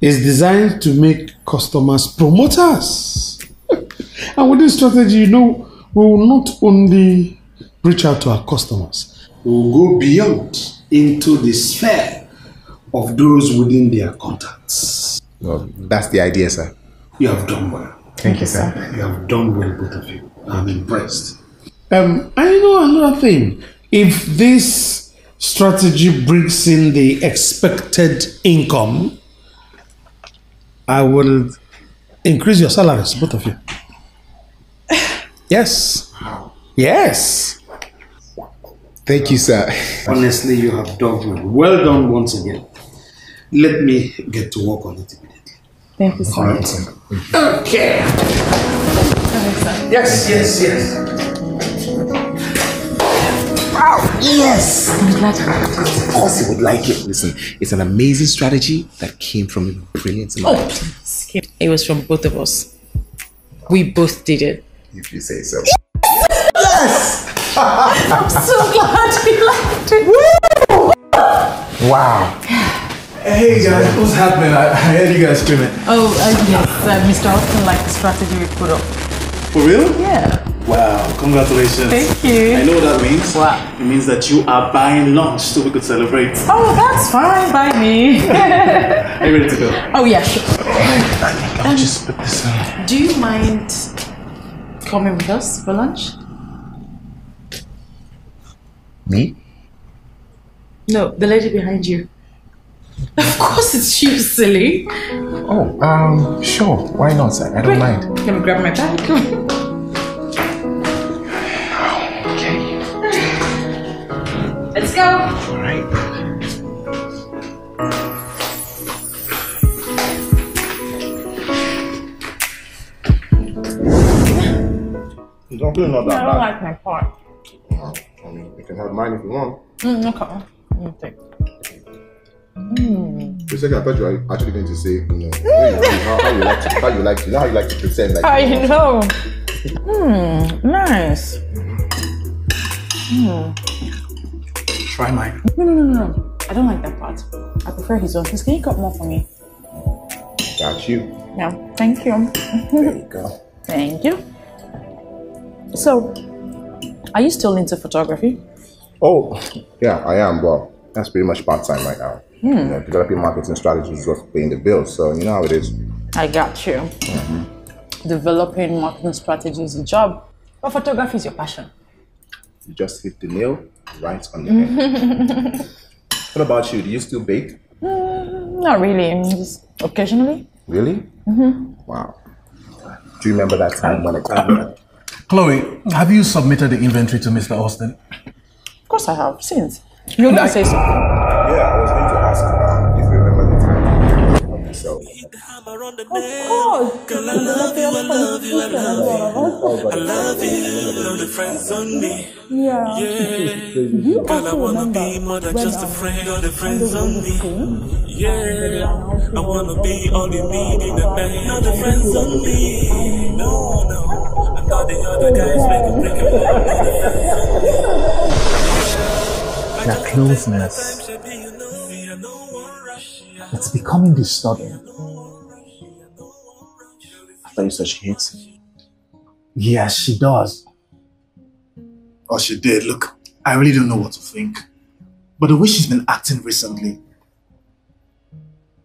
It's designed to make customers promoters. and with this strategy, you know, we will not only reach out to our customers, we will go beyond into the sphere of those within their contacts. Well, that's the idea, sir. You have done well. Thank, you, sir. sir. You have done well, both of you. I'm impressed. Um, I know another thing. If this strategy brings in the expected income, I will increase your salaries, both of you. yes. Yes. Thank you, sir. Honestly, you have done well. done once again. Let me get to work on it immediately. Thank you, sir. All right, sir. Okay. Yes, yes, yes. Wow. Yes. I would like it. Of course you would like it. Listen, it's an amazing strategy that came from a brilliant. Oh, It was from both of us. We both did it. If you say so. Yes! I'm so glad you liked it. Woo! Wow. Hey guys, what's happening? I, I heard you guys screaming. Oh, uh, yes. Uh, Mr. Austin liked the strategy we put up. For real? Yeah. Wow, congratulations. Thank you. I know what that means. What? It means that you are buying lunch so we could celebrate. Oh, that's fine by me. are you ready to go? Oh, yeah, sure. I'll um, just put this on. Do you mind coming with us for lunch? Me? No, the lady behind you. Of course it's you, silly. Oh, um, sure. Why not? I don't Wait, mind. Let me grab my bag. You don't feel not that no, I don't like my part. Wow. I mean, you can have mine if you want. Mm, okay. Let me Mm. For a second, I thought you were actually going to say, you know, how, how, you like to, how you like to, how you like to pretend like. I you know? Hmm. nice. Hmm. Try mine. No, no, no, no. I don't like that part. I prefer his own. can you cut more for me? Got you. No, thank you. there you go. Thank you. So, are you still into photography? Oh, yeah, I am. Well, that's pretty much part time right now. Hmm. You know, developing marketing strategies is what's paying the bills. So you know how it is. I got you. Mm-hmm. Developing marketing strategies is a job, but photography is your passion. You just hit the nail right on the head. what about you? Do you still bake? Mm, not really. Just occasionally. Really? Mm-hmm. Wow. Do you remember that time when I came um, Chloe, have you submitted the inventory to Mr. Austin? Of course I have, since. You didn't say something. Of course. Cause I love you, I love you, I love you. I love you, love the friends on me. Yeah. Girl, I wanna be more than just a friend or the friends on me. Yeah. I wanna be all you need in the band, not the friends on me. No, no. I thought the other guys make a break of closeness. It's becoming disturbing you that she hates me? Yes, she does. Oh, she did. Look, I really don't know what to think. But the way she's been acting recently,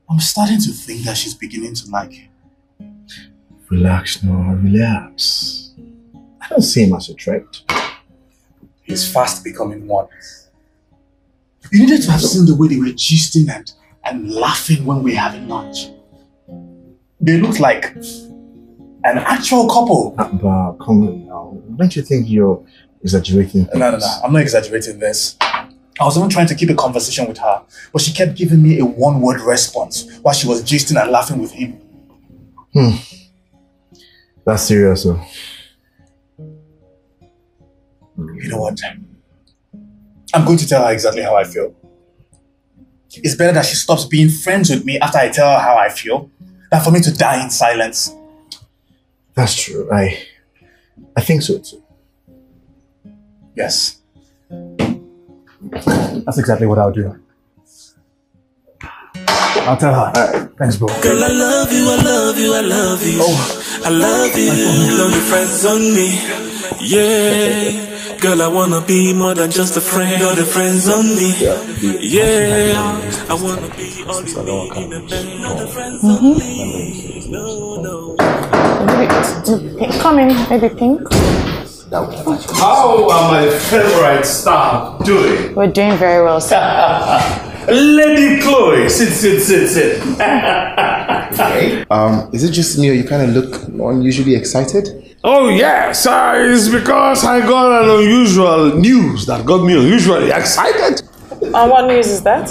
I'm starting to think that she's beginning to like him. Relax, Nora, relax. I don't see him as a threat. He's fast becoming one. You needed to have seen the way they were gisting and, and laughing when we were having lunch. They looked like an actual couple. But uh, come on now, don't you think you're exaggerating? Things? No, no, no. I'm not exaggerating this. I was even trying to keep a conversation with her, but she kept giving me a one word response while she was gisting and laughing with him. Hmm. That's serious, though. You know what? I'm going to tell her exactly how I feel. It's better that she stops being friends with me after I tell her how I feel than for me to die in silence. That's true. I I think so too. Yes. That's exactly what I'll do. I'll tell her. Right. Thanks, bro. Girl, I love you, I love you, I love you. Oh. I love you. Love your friends on me. Yeah. Girl, I wanna be more than just a friend or the friends only. Yeah, I wanna be only in a not the friends mm-hmm. only. No, no. Come in, maybe pink. How are my favorite staff doing? We're doing very well, sir. Lady Chloe, sit, sit, sit, sit. okay. Um, is it just me or you kind of look unusually excited? Oh yes, uh, it's because I got an unusual news that got me unusually excited. And what news is that?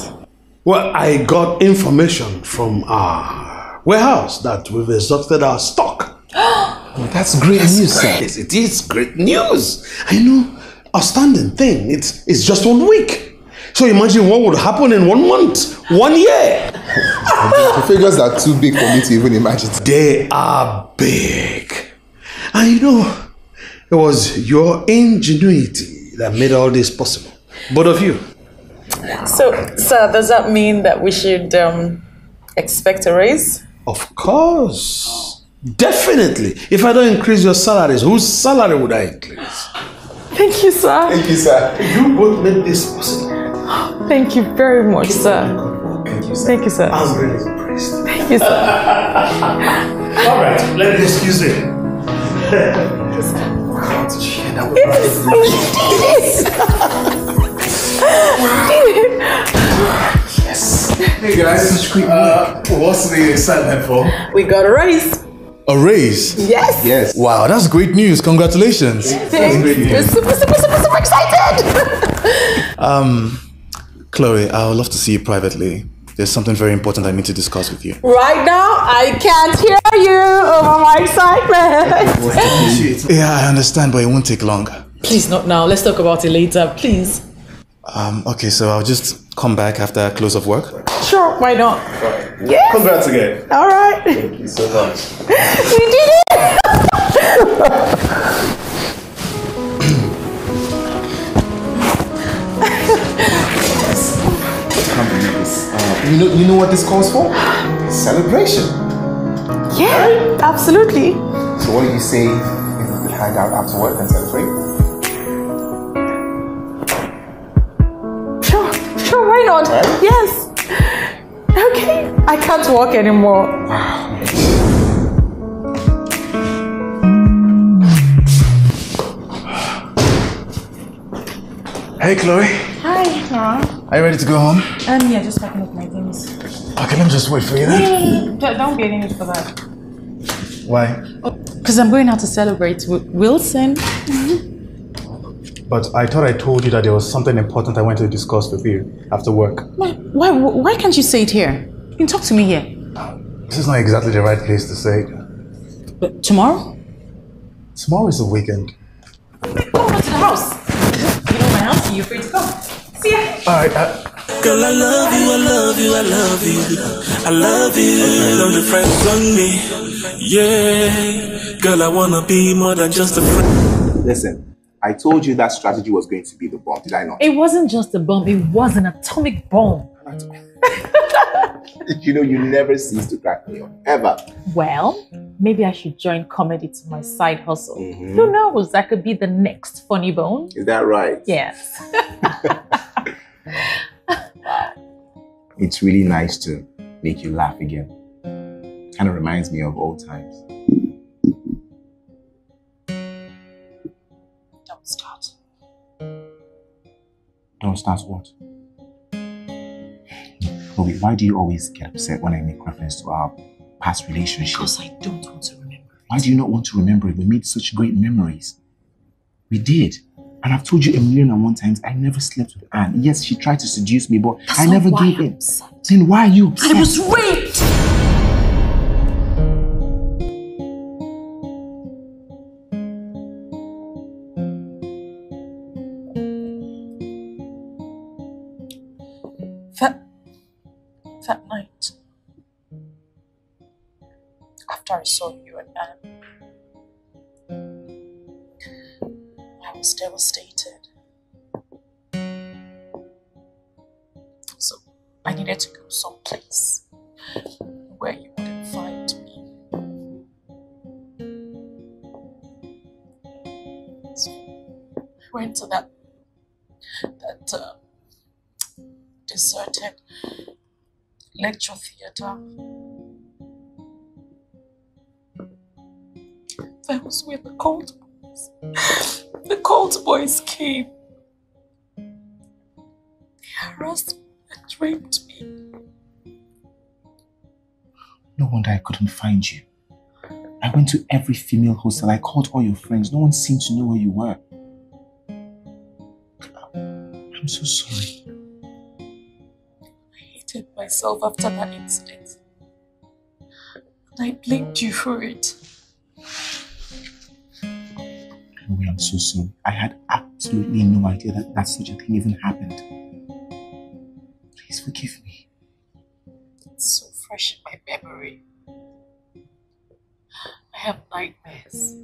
Well, I got information from our warehouse that we've exhausted our stock. oh, that's great that's news, great. sir. it is great news. I know, outstanding thing. It's it's just one week. So imagine what would happen in one month, one year. the figures are too big for me to even imagine. They are big. And you know, it was your ingenuity that made all this possible. Both of you. So, sir, does that mean that we should um, expect a raise? Of course. Definitely. If I don't increase your salaries, whose salary would I increase? Thank you, sir. Thank you, sir. You both made this possible. Thank you very much, sir. Thank you, sir. Thank you, sir. I'm really impressed. Thank you, sir. All right, let me excuse you. Just it is so wow. Yes. Hey guys, uh, what's the excitement for? We got a raise. A raise? Yes. Yes. Wow, that's great news. Congratulations. Yes. We're super, super, super, super excited. um, Chloe, I would love to see you privately. There's something very important I need to discuss with you. Right now? I can't hear you over my excitement. yeah, I understand, but it won't take long. Please, not now. Let's talk about it later, please. Um, okay, so I'll just come back after close of work. Sure, why not? Right. Yes. Congrats again. All right. Thank you so much. we did it! Yes. Uh, you know, you know what this calls for? Celebration. Yeah, right? absolutely. So what do you say if we could hang out after work and celebrate? Sure, sure, why not? Right? Yes. Okay, I can't walk anymore. Hey, Chloe. Hi, Mom. Are you ready to go home? Um, yeah, just packing up my things. Okay, let me just wait for you Don't be any need for that. Why? Because oh, I'm going out to celebrate with Wilson. But I thought I told you that there was something important I wanted to discuss with you after work. Why, why, why can't you say it here? You can talk to me here. This is not exactly the right place to say it. But tomorrow? Tomorrow is the weekend. Come over to the house. You know my house, Are you afraid free to come. See ya. All right. Uh Girl, I love you, I love you, I love you. I love you. Don't be friends on me. Yeah. Girl, I wanna be more than just a friend. Listen, I told you that strategy was going to be the bomb, did I not? It wasn't just a bomb, it was an atomic bomb. you know, you never cease to crack me up, ever. Well, maybe I should join comedy to my side hustle. Mm-hmm. Who knows? That could be the next funny bone. Is that right? Yes. it's really nice to make you laugh again. Kind of reminds me of old times. Don't start. Don't start what? why do you always get upset when I make reference to our past relationship? Because I don't want to remember it. Why do you not want to remember it? We made such great memories. We did. And I've told you a million and one times, I never slept with Anne. Yes, she tried to seduce me, but That's I never gave I'm in. Upset. Then why are you upset? I was raped! doctor. That was where the cold boys, the cold boys came. They harassed me and raped me. No wonder I couldn't find you. I went to every female hostel. I called all your friends. No one seemed to know where you were. I'm so sorry myself after that incident. And I blamed you for it. Chloe, oh, I'm so sorry. I had absolutely no idea that, that such a thing even happened. Please forgive me. It's so fresh in my memory. I have nightmares.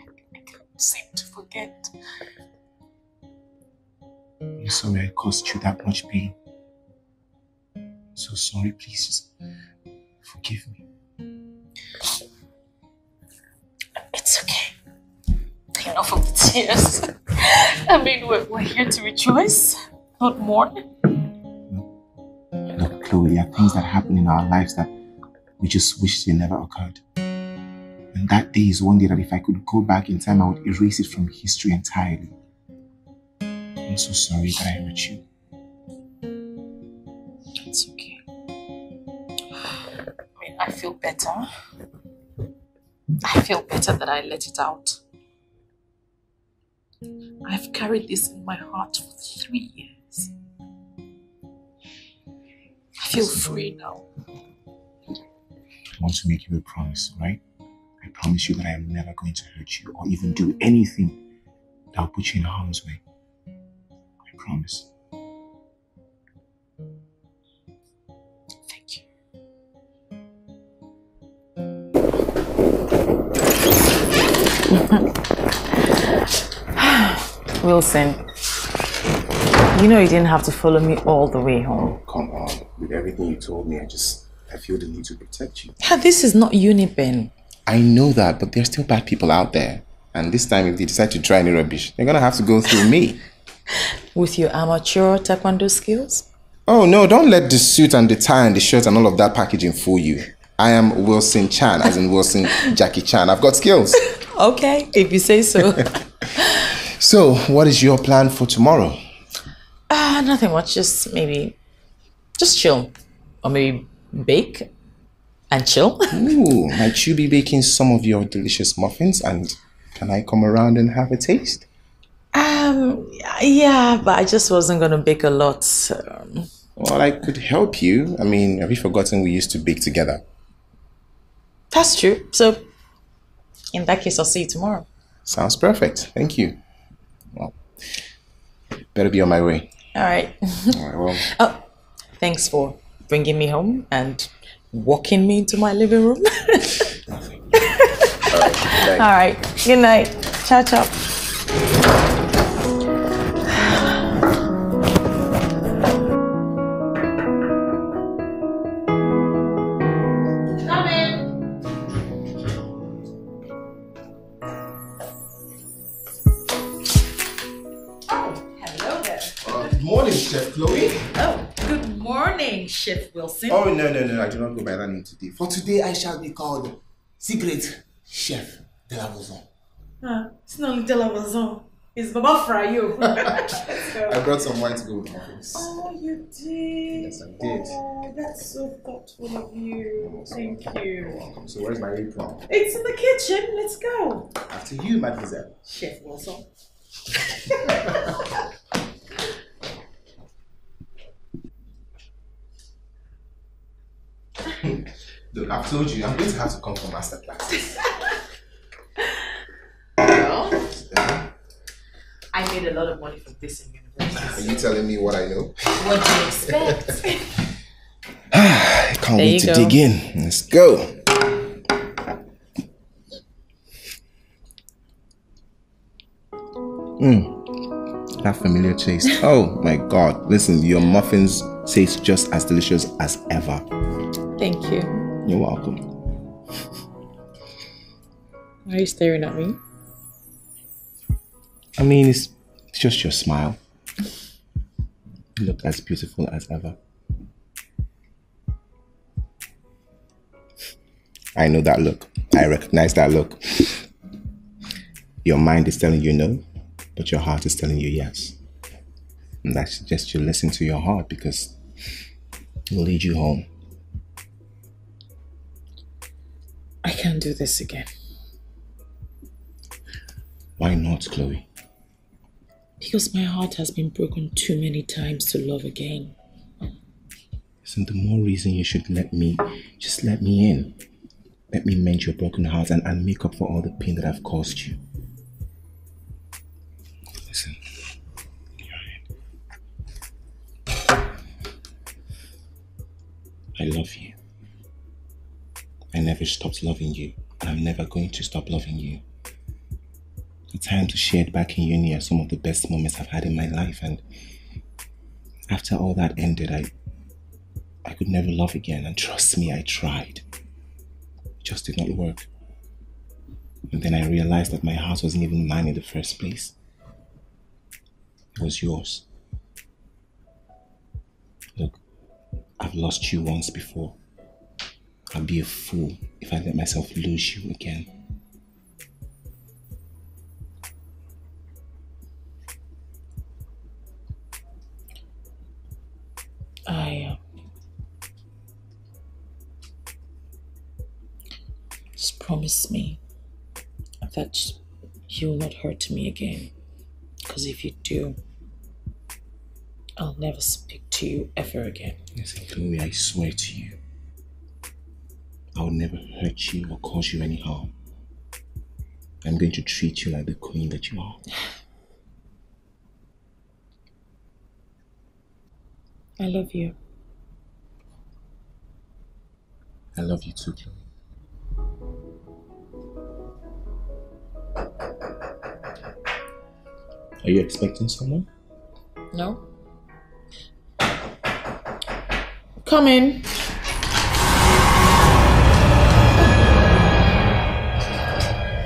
I, I can't seem to forget. I'm sorry I caused you that much pain so sorry. Please forgive me. It's okay. Enough of the tears. I mean, we're, we're here to rejoice, not mourn. Look, Chloe, there are things that happen in our lives that we just wish they never occurred. And that day is one day that if I could go back in time, I would erase it from history entirely. I'm so sorry that I hurt you. feel better. I feel better that I let it out. I've carried this in my heart for three years. I feel free now. I want to make you a promise, right? I promise you that I am never going to hurt you or even do anything that will put you in harm's way. I promise. Wilson, you know you didn't have to follow me all the way home. Oh, come on. With everything you told me, I just, I feel the need to protect you. Yeah, this is not unipen. I know that, but there are still bad people out there. And this time, if they decide to try any rubbish, they're going to have to go through me. With your amateur taekwondo skills? Oh, no, don't let the suit and the tie and the shirt and all of that packaging fool you. I am Wilson Chan, as in Wilson Jackie Chan. I've got skills. Okay, if you say so. so, what is your plan for tomorrow? Uh, nothing much. Just maybe, just chill, or maybe bake and chill. Ooh, might you be baking some of your delicious muffins? And can I come around and have a taste? Um, yeah, but I just wasn't gonna bake a lot. Well, I could help you. I mean, have you forgotten we used to bake together? That's true. So, in that case, I'll see you tomorrow. Sounds perfect. Thank you. Well, better be on my way. All right. All right. Well. Oh, thanks for bringing me home and walking me into my living room. All right. Good night. All right. Good night. Ciao, ciao. do not go by that name today. For today, I shall be called Secret Chef de la Maison. Ah, it's not only de la Maison. It's Baba Frayo. I brought some white gold office. Oh, you did? Yes, I did. Oh, that's so thoughtful of you. Thank you. You're welcome. So, where's my apron? It's in the kitchen. Let's go. After you, mademoiselle. Chef Wilson. Look, I've told you, I'm going to have to come for master classes. well, I made a lot of money from this in university. Are you telling me what I know? What do you expect? I can't there wait to go. dig in. Let's go. Mm. That familiar taste. Oh my god. Listen, your muffins taste just as delicious as ever. Thank you. You're welcome. Why are you staring at me? I mean, it's, it's just your smile. You look as beautiful as ever. I know that look. I recognize that look. Your mind is telling you no, but your heart is telling you yes. And that's just you listen to your heart because it will lead you home. I can't do this again. Why not, Chloe? Because my heart has been broken too many times to love again. Isn't the more reason you should let me, just let me in. Let me mend your broken heart and, and make up for all the pain that I've caused you. Listen, I love you. I never stopped loving you, and I'm never going to stop loving you. The times we shared back in uni are some of the best moments I've had in my life, and after all that ended, I I could never love again, and trust me, I tried. It just did not work. And then I realized that my house wasn't even mine in the first place. It was yours. Look, I've lost you once before. I'll be a fool if I let myself lose you again. I uh, just promise me that you'll not hurt me again. Because if you do, I'll never speak to you ever again. Yes, Chloe, I swear to you. I'll never hurt you or cause you any harm. I'm going to treat you like the queen that you are. I love you. I love you too, Chloe. Are you expecting someone? No. Come in.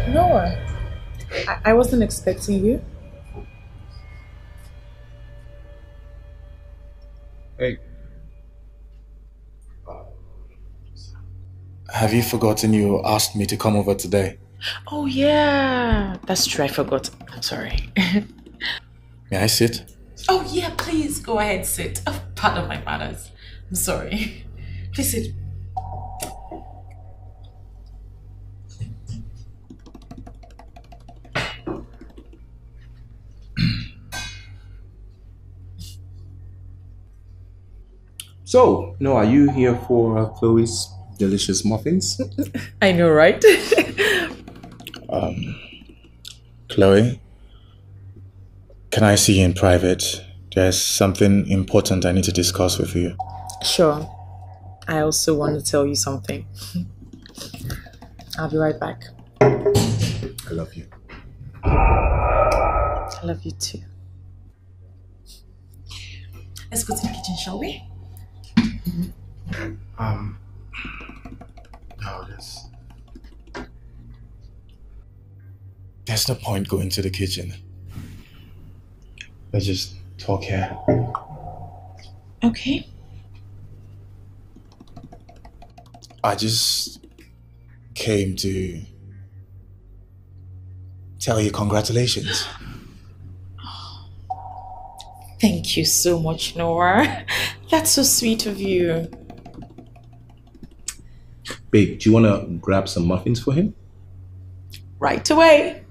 Noah, I, I wasn't expecting you. Hey. Have you forgotten you asked me to come over today? Oh, yeah. That's true. I forgot. I'm sorry. May I sit? Oh, yeah. Please go ahead, sit. Oh, pardon my manners. I'm sorry. Please sit. So, no, are you here for uh, Chloe's delicious muffins? I know, right? um, Chloe, can I see you in private? There's something important I need to discuss with you. Sure. I also want to tell you something. I'll be right back. I love you. I love you too. Let's go to the kitchen, shall we? Mm-hmm. Um, no, there's there's no point going to the kitchen. Let's just talk here. Okay. I just came to tell you congratulations. Thank you so much, Nora. That's so sweet of you. Babe, do you want to grab some muffins for him? Right away.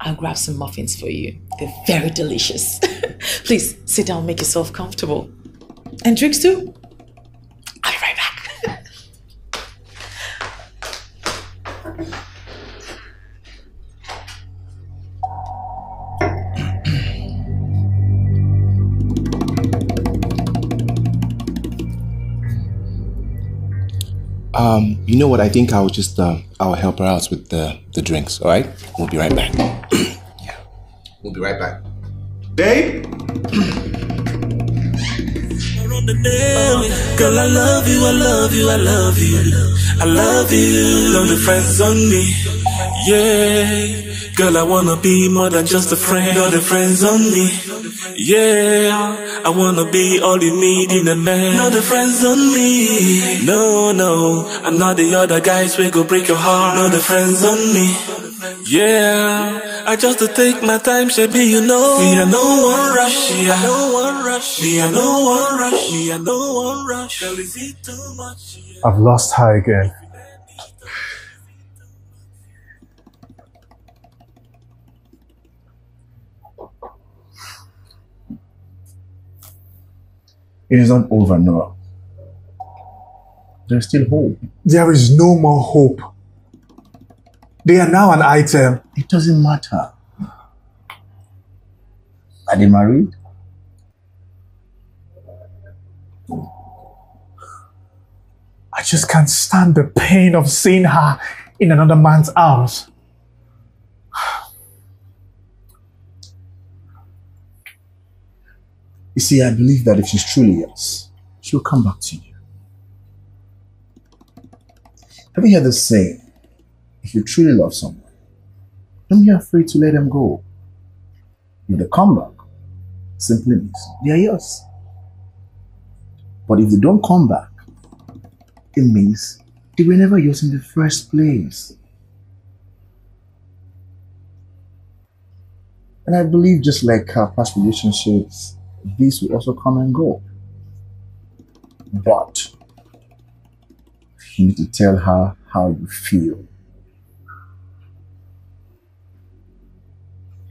I'll grab some muffins for you. They're very delicious. Please sit down, make yourself comfortable. And drinks too. Um, you know what? I think I'll just uh, I'll help her out with the the drinks. All right, we'll be right back. yeah, we'll be right back. Babe. Girl, I love you, I love you, I love you, I love you. Lonely friends on me, yeah. Girl, I wanna be more than just a friend, not the friends only. Yeah, I wanna be all you need in a man, not the friends only. No, no, I'm not the other guys we go break your heart, not the friends only. Yeah, I just to take my time, Shabi, you know. Me, I no one rush, yeah. No one rush, me, I no one rush, me, I no one rush. Girl, is it too much? I've lost her again. It is not over, Noah. There is still hope. There is no more hope. They are now an item. It doesn't matter. Are they married? I just can't stand the pain of seeing her in another man's arms. You see, I believe that if she's truly yours, she'll come back to you. Have you heard this saying? If you truly love someone, don't be afraid to let them go. If they come back, simply means they are yours. But if they don't come back, it means they were never yours in the first place. And I believe just like our past relationships, this will also come and go. But you need to tell her how you feel.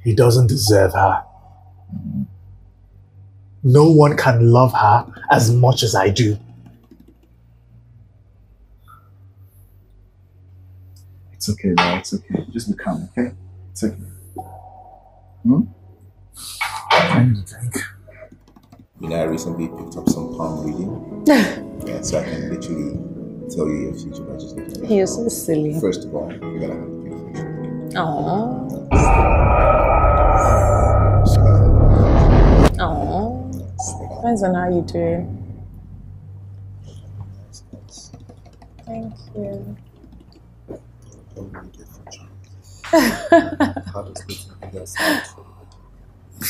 He doesn't deserve her. Mm-hmm. No one can love her as much as I do. It's okay, now. It's okay. Just be calm, okay? It's okay. Hmm? I need drink. You know, I recently picked up some palm reading. yeah, so I can literally tell you your future by just looking at You're so silly. First of all, you're gonna have to pick a future. Aww. Aww. Depends on how you do. Thank you. how does this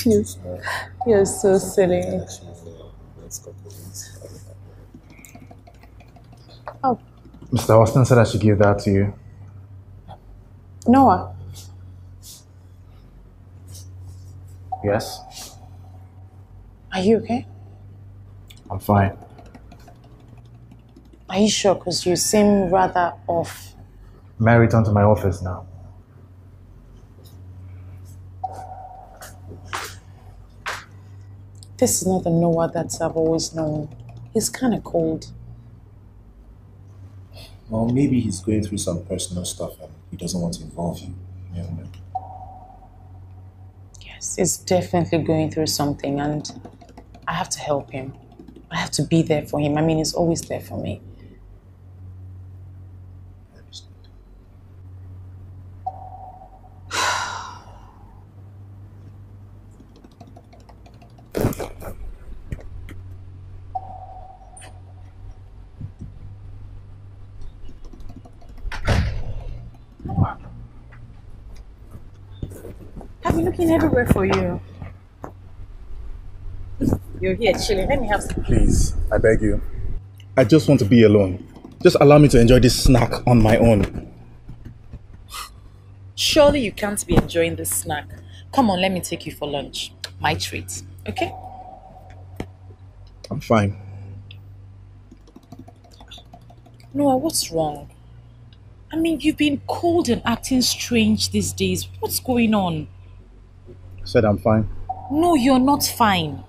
you're, you're so silly. Oh. Mr. Austin said I should give that to you. Noah. Yes? Are you okay? I'm fine. Are you sure? Because you seem rather off. Mary, turn to my office now. This is not the Noah that I've always known. He's kind of cold. Well, maybe he's going through some personal stuff and he doesn't want to involve you. Yes, he's definitely going through something and I have to help him. I have to be there for him. I mean, he's always there for me. everywhere for you. You're here chilling. Let me have some. Please, I beg you. I just want to be alone. Just allow me to enjoy this snack on my own. Surely you can't be enjoying this snack. Come on, let me take you for lunch. My treat, okay? I'm fine. Noah, what's wrong? I mean, you've been cold and acting strange these days. What's going on? said I'm fine. No, you're not fine.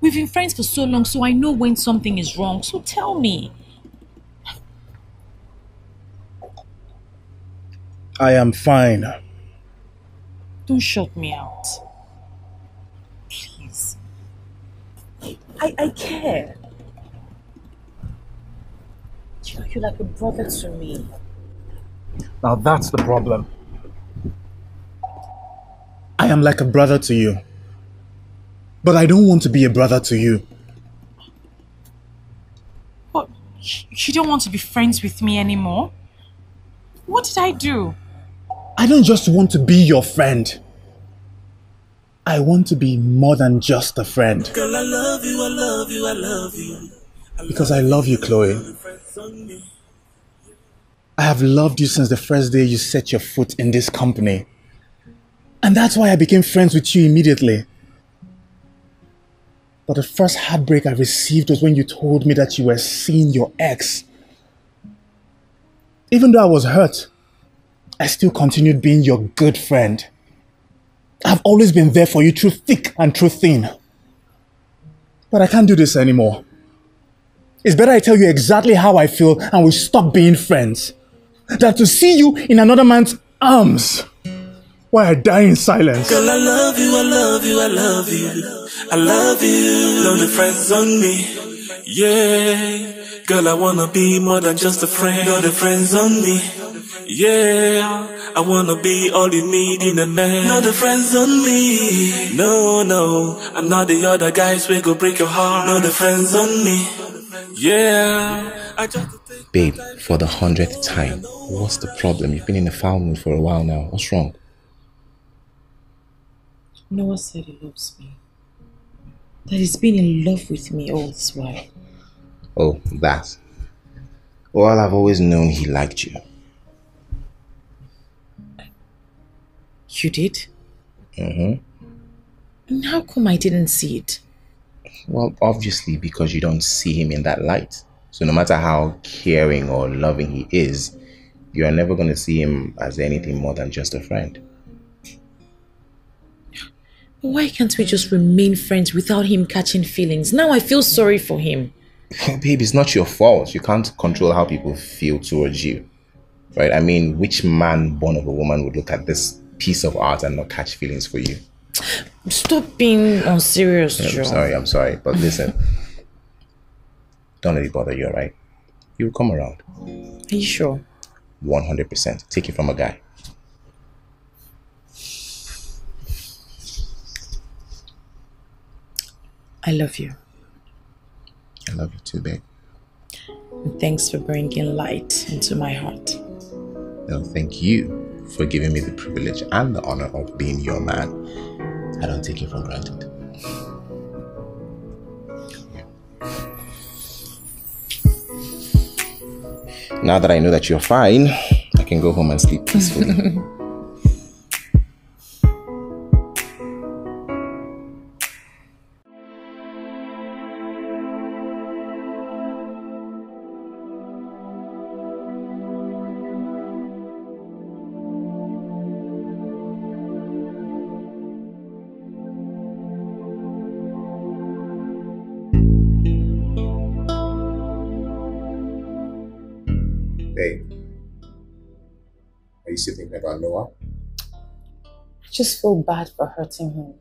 We've been friends for so long, so I know when something is wrong. So tell me. I am fine. Don't shut me out. Please. I, I care. You're like a brother to me. Now that's the problem. I am like a brother to you. But I don't want to be a brother to you. What? You don't want to be friends with me anymore? What did I do? I don't just want to be your friend. I want to be more than just a friend. Girl, I love you, I love you, I love you. because I love you, Chloe. I have loved you since the first day you set your foot in this company. And that's why I became friends with you immediately. But the first heartbreak I received was when you told me that you were seeing your ex. Even though I was hurt, I still continued being your good friend. I've always been there for you through thick and through thin. But I can't do this anymore. It's better I tell you exactly how I feel and we stop being friends than to see you in another man's arms. Why I die in silence? Girl, I love you, I love you, I love you. I love you. Lonely friends on me. Yeah. Girl, I wanna be more than just a friend. All the friends on me. Yeah. I wanna be all you need in a man. Not the friends on me. No, no. I'm not the other guys we go break your heart. Not the friends on me. Yeah. I just Babe, for the hundredth time, what's the problem? You've been in a foul mood for a while now. What's wrong? Noah said he loves me. That he's been in love with me all this while. Oh, that. Well, I've always known he liked you. You did? Mm-hmm. how come I didn't see it? Well, obviously because you don't see him in that light. So no matter how caring or loving he is, you are never going to see him as anything more than just a friend. Why can't we just remain friends without him catching feelings? Now I feel sorry for him. Babe, it's not your fault. You can't control how people feel towards you. Right? I mean, which man born of a woman would look at this piece of art and not catch feelings for you? Stop being unserious, uh, no, I'm sorry, I'm sorry. But listen, don't let it bother you, alright? You'll come around. Are you sure? 100%. Take it from a guy. I love you. I love you too, babe. And thanks for bringing light into my heart. No, thank you for giving me the privilege and the honor of being your man. I don't take it for granted. Now that I know that you're fine, I can go home and sleep peacefully. just feel bad for hurting him.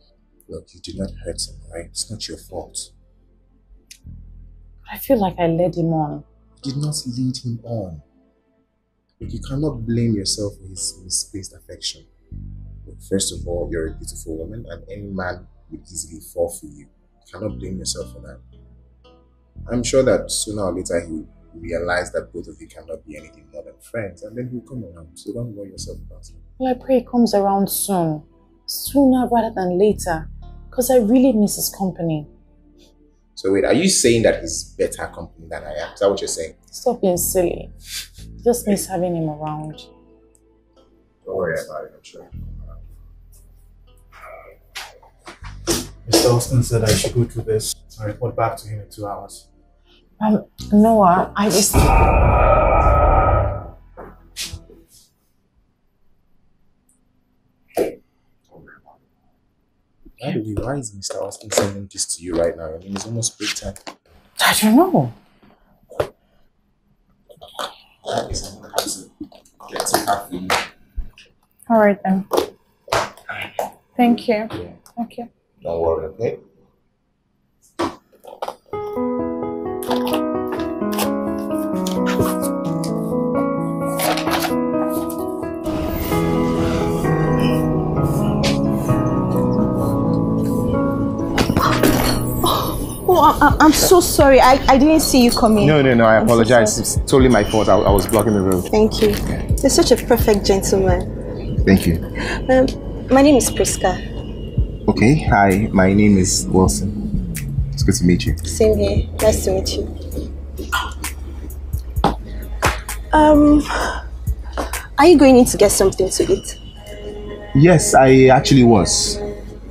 Look, you did not hurt him, right? It's not your fault. I feel like I led him on. You did not lead him on. Look, you cannot blame yourself for his misplaced affection. Look, first of all, you're a beautiful woman and any man would easily fall for you. You cannot blame yourself for that. I'm sure that sooner or later he will realize that both of you cannot be anything more than friends and then he'll come around. So don't worry yourself about it. Well, I pray he comes around soon. Sooner rather than later. Because I really miss his company. So wait, are you saying that he's better company than I am? Is that what you're saying? Stop being silly. Just miss having him around. Don't worry about it, I'm sure. Mr. Austin said I should go through this and report back to him in two hours. Um, Noah, I just... By the way, why is Mr. Austin sending this to you right now? I mean, it's almost break time. I don't know. Get All right then. Thank you. Yeah. Okay. Don't worry, okay? I, am so sorry. I, I didn't see you coming. No, no, no. I I'm apologize. So it's totally my fault. I, I, was blocking the road. Thank you. Yeah. You're such a perfect gentleman. Thank you. Um, my name is Priska. Okay. Hi. My name is Wilson. It's good to meet you. Same here. Nice to meet you. Um, are you going in to get something to eat? Yes, I actually was.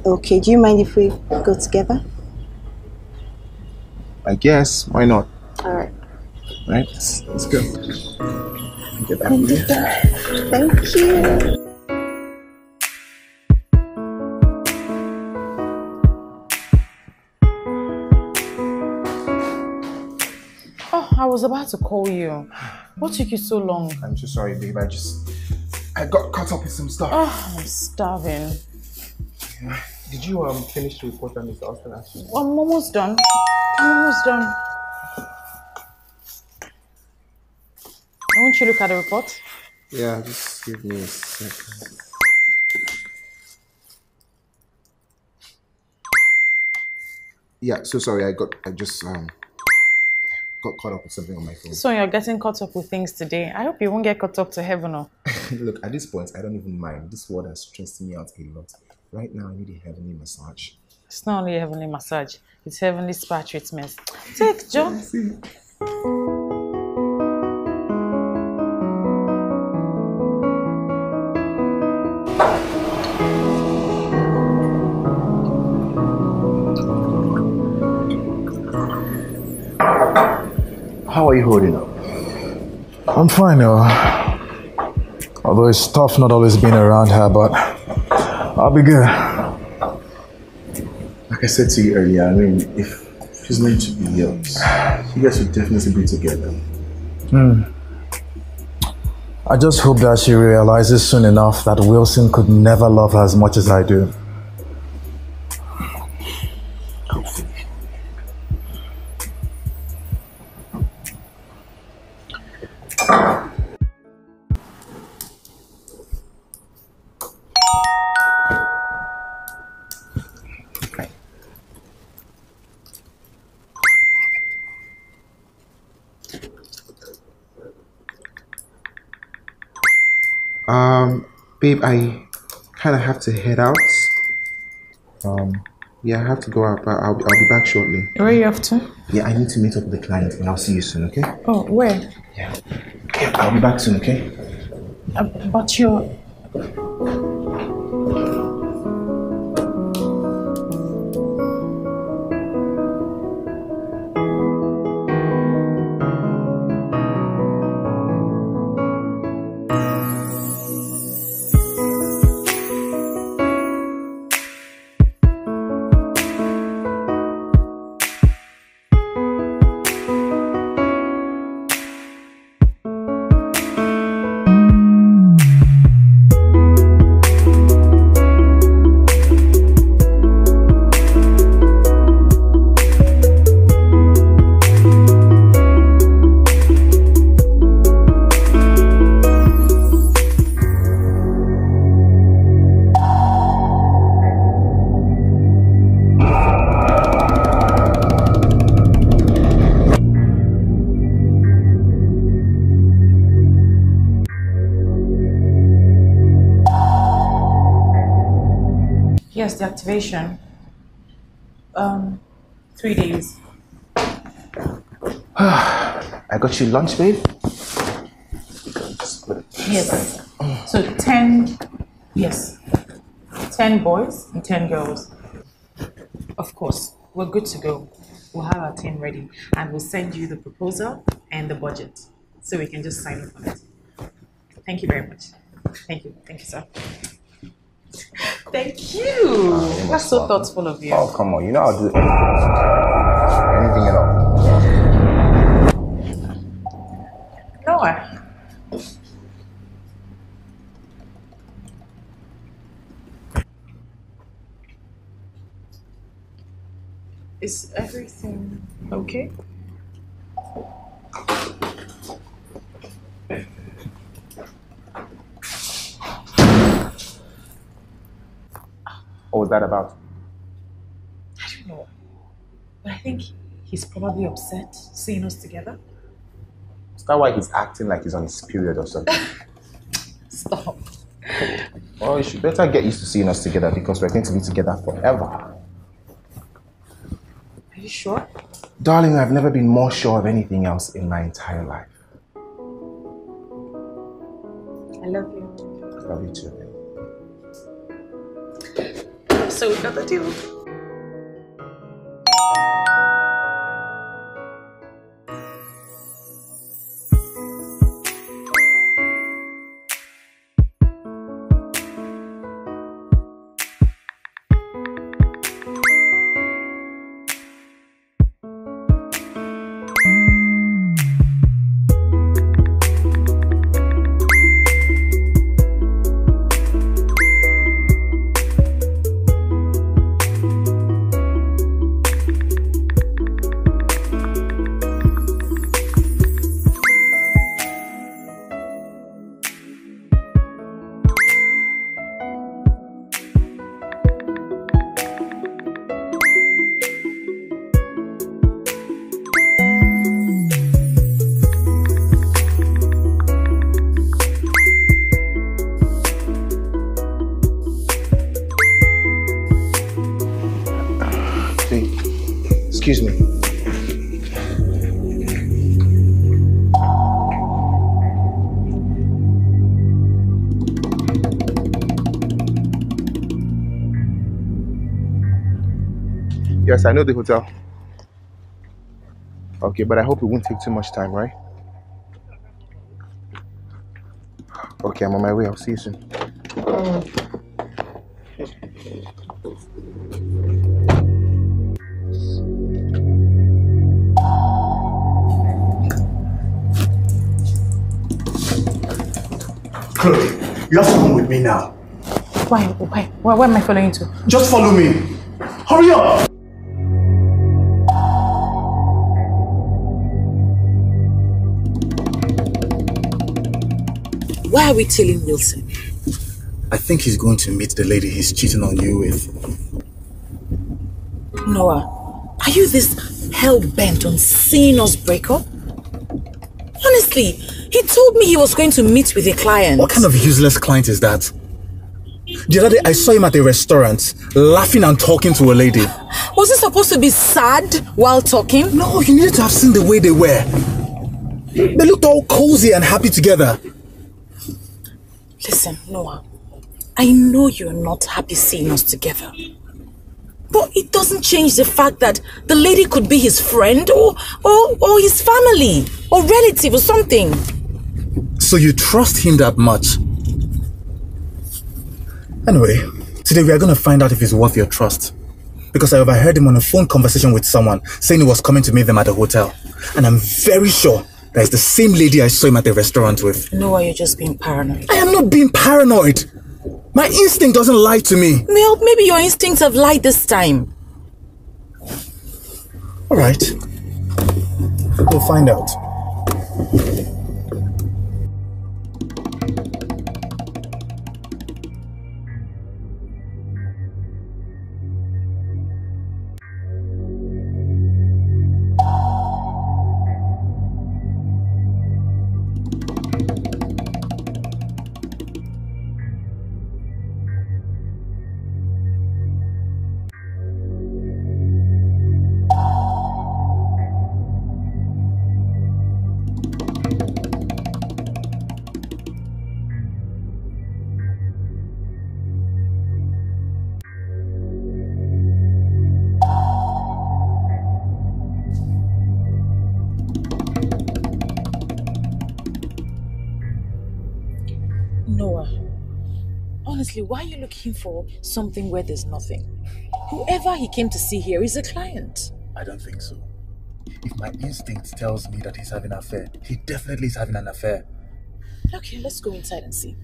Okay, do you mind if we go together? I guess. Why not? All right. All right. go. Get you. Thank you. Oh, I was about to call you. What took you so long? I'm so sorry, babe. I just I got caught up in some stuff. Oh, I'm starving. Yeah. Did you um finish the report on Mr. Austin I'm almost done. I'm almost done. Won't you look at the report? Yeah, just give me a second. Yeah, so sorry, I got I just um got caught up with something on my phone. So you're getting caught up with things today. I hope you won't get caught up to heaven or. Oh. Look, at this point, I don't even mind. This world has stressed me out a lot right now I need a heavenly massage. It's not only heavenly massage, it's heavenly spa treatments. Take John. How are you holding up? I'm fine, though. Although it's tough not always being around her, but I'll be good. Like I said to you earlier, I mean, if she's meant to be yours, you guys should definitely be together. Hmm. I just hope that she realizes soon enough that Wilson could never love her as much as I do. believe I kind of have to head out. Um, yeah, I have to go out, but I'll, I'll be back shortly. Where are you off to? Yeah, I need to meet up with the client, and I'll see you soon, okay? Oh, where? Yeah. yeah I'll be back soon, okay? Uh, but you're... Um, three days. I got you lunch, babe. Yes. So ten, yes, ten boys and ten girls. Of course, we're good to go. We'll have our team ready, and we'll send you the proposal and the budget, so we can just sign up on it. Thank you very much. Thank you. Thank you, sir. Thank you. Uh, That's so thoughtful of you. Oh, come on. You know I'll do anything. Anything at all. Noah. Is everything okay? What was that about? I don't know. But I think he's probably upset seeing us together. Is that why he's acting like he's on his period or something? Stop. Well, you should better get used to seeing us together because we're going to be together forever. Are you sure? Darling, I've never been more sure of anything else in my entire life. I love you. I love you too so we got the deal. I know the hotel. Okay, but I hope it won't take too much time, right? Okay, I'm on my way. I'll see you soon. Chloe, you have to come with me now. Why? Why? Where am I following you to? Just follow me. Hurry up! Why are we telling Wilson? I think he's going to meet the lady he's cheating on you with. Noah, are you this hell-bent on seeing us break up? Honestly, he told me he was going to meet with a client. What kind of useless client is that? The other day, I saw him at a restaurant, laughing and talking to a lady. Was he supposed to be sad while talking? No, you needed to have seen the way they were. They looked all cozy and happy together. Listen, Noah, I know you're not happy seeing us together. But it doesn't change the fact that the lady could be his friend or, or, or his family or relative or something. So you trust him that much? Anyway, today we are going to find out if he's worth your trust. Because I overheard him on a phone conversation with someone saying he was coming to meet them at the hotel. And I'm very sure that is the same lady I saw him at the restaurant with. Noah, you're just being paranoid. I am not being paranoid. My instinct doesn't lie to me. Well, maybe your instincts have lied this time. All right. We'll find out. why are you looking for something where there's nothing? Whoever he came to see here is a client. I don't think so. If my instinct tells me that he's having an affair, he definitely is having an affair. Okay, let's go inside and see.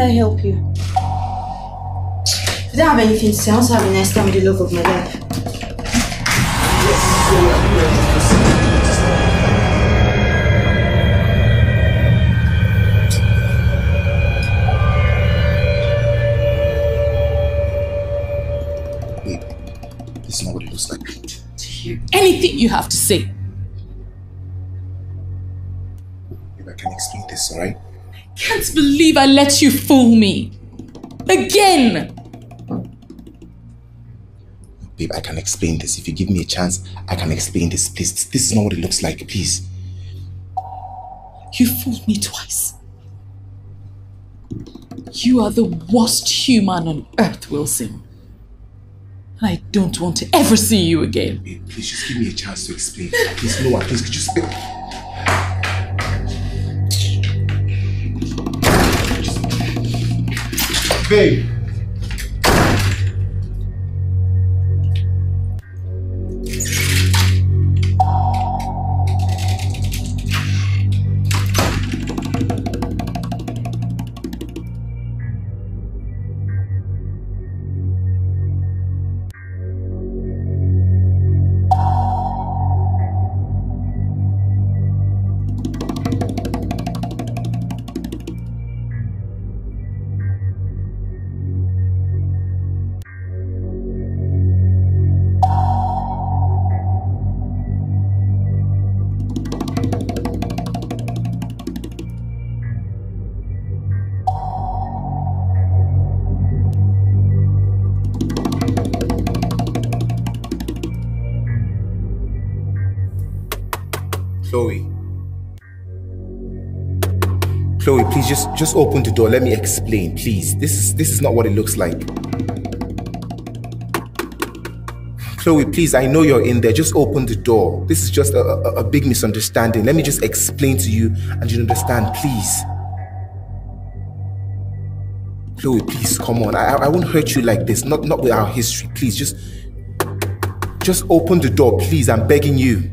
may I help you? If you don't have anything to say, i also have a nice time with the love of my life. Babe, this is not what it looks like. Anything you have to say. I let you fool me. Again! Babe, I can explain this. If you give me a chance, I can explain this. Please, this is not what it looks like. Please. You fooled me twice. You are the worst human on earth, Wilson. I don't want to ever see you again. Babe, please just give me a chance to explain. Please, Noah, please, could you speak? feio. Chloe. Chloe, please just just open the door. Let me explain, please. This is this is not what it looks like. Chloe, please, I know you're in there. Just open the door. This is just a, a, a big misunderstanding. Let me just explain to you and you understand, please. Chloe, please, come on. I, I won't hurt you like this. Not, not with our history. Please, just, just open the door, please. I'm begging you.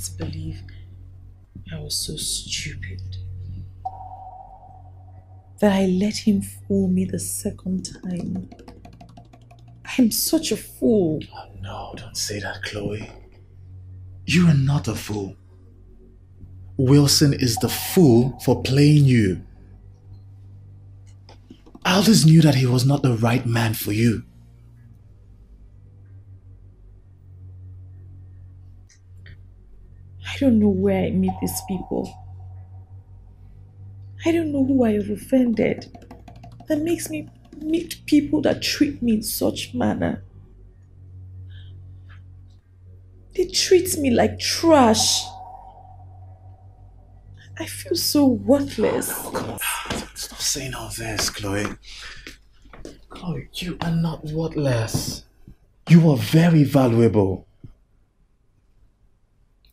can't believe I was so stupid. That I let him fool me the second time. I'm such a fool. Oh, no, don't say that, Chloe. You are not a fool. Wilson is the fool for playing you. Aldous knew that he was not the right man for you. don't know where I meet these people. I don't know who I have offended. That makes me meet people that treat me in such manner. They treat me like trash. I feel so worthless. Oh, come on. Stop saying all this, Chloe. Chloe, you are not worthless. You are very valuable.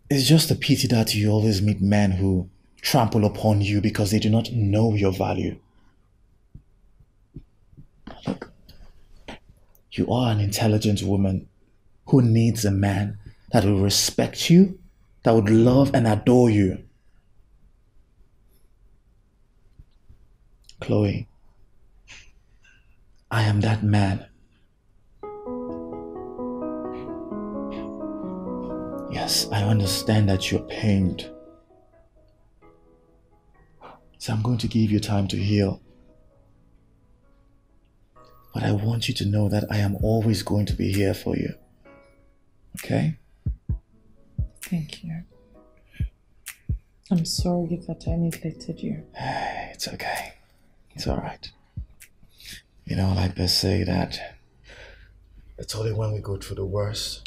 It's just a pity that you always meet men who trample upon you because they do not know your value. Look, you are an intelligent woman who needs a man that will respect you, that would love and adore you. Chloe, I am that man. Yes, I understand that you're pained. So I'm going to give you time to heal. But I want you to know that I am always going to be here for you. Okay? Thank you. I'm sorry that I neglected you. It's okay. It's all right. You know, like they say that it's only when we go through the worst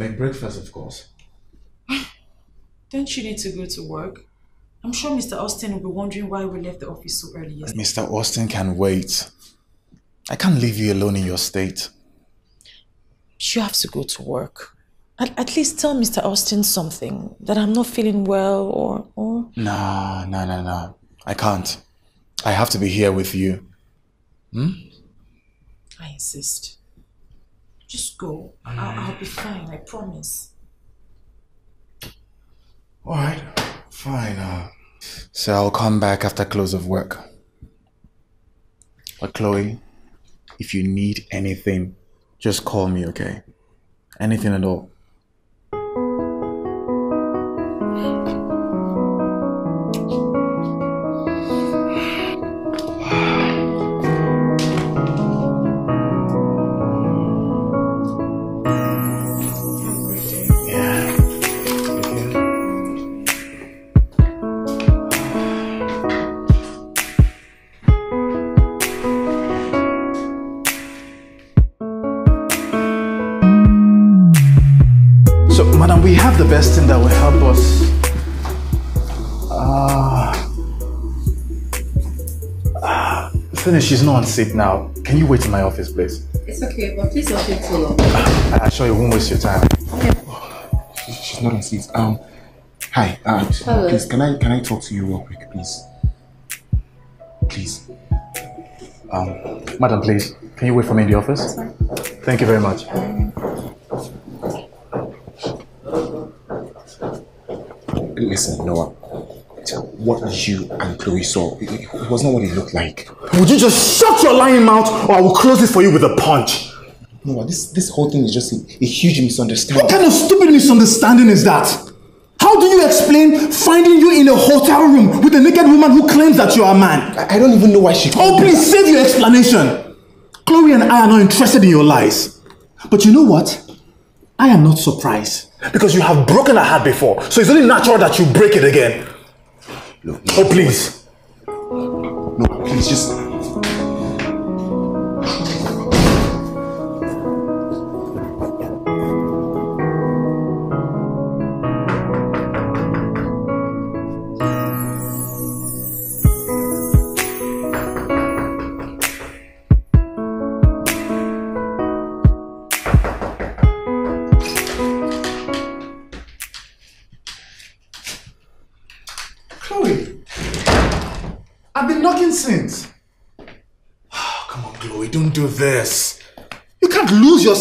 make breakfast, of course. Don't you need to go to work? I'm sure Mr. Austin will be wondering why we left the office so early yesterday. Mr. Austin can wait. I can't leave you alone in your state. You have to go to work. At, at least tell Mr. Austin something, that I'm not feeling well or... or... No, no, no, no. I can't. I have to be here with you. Hmm? I insist. Just go. I'll, I'll mm. be fine, I promise. All right, fine. Uh, so I'll come back after close of work. But Chloe, if you need anything, just call me, okay? Anything at all. sit now. Can you wait in my office, please? It's okay, but please don't take too long. Ah, I assure you, won't waste your time. Okay. Oh, she's not on seat. Um, hi. Uh, Hello. Please, can I can I talk to you real quick, please? Please. Um, madam, please, can you wait for me in the office? Thank you very much. Listen, Noah, what you and Chloe saw, it, it was not what it looked like. Would you just shut your lying mouth or I will close it for you with a punch? No, this, this whole thing is just a, a huge misunderstanding. What kind of stupid misunderstanding is that? How do you explain finding you in a hotel room with a naked woman who claims that you are a man? I, I don't even know why she Oh, please save your explanation. Chloe and I are not interested in your lies. But you know what? I am not surprised. Because you have broken her heart before, so it's only natural that you break it again. Look, oh, no, oh, please. No, please just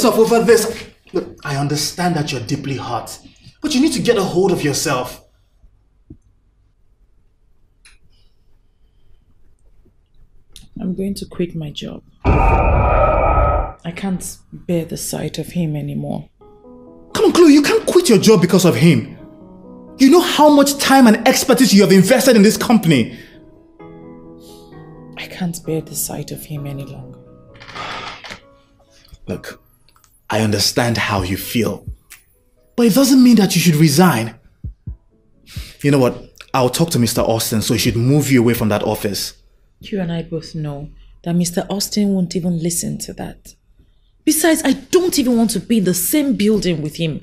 yourself over this. Look, I understand that you're deeply hurt, but you need to get a hold of yourself. I'm going to quit my job. I can't bear the sight of him anymore. Come on, Chloe, you can't quit your job because of him. You know how much time and expertise you have invested in this company. I can't bear the sight of him any longer. Look, I understand how you feel. But it doesn't mean that you should resign. You know what? I'll talk to Mr. Austin so he should move you away from that office. You and I both know that Mr. Austin won't even listen to that. Besides, I don't even want to be in the same building with him.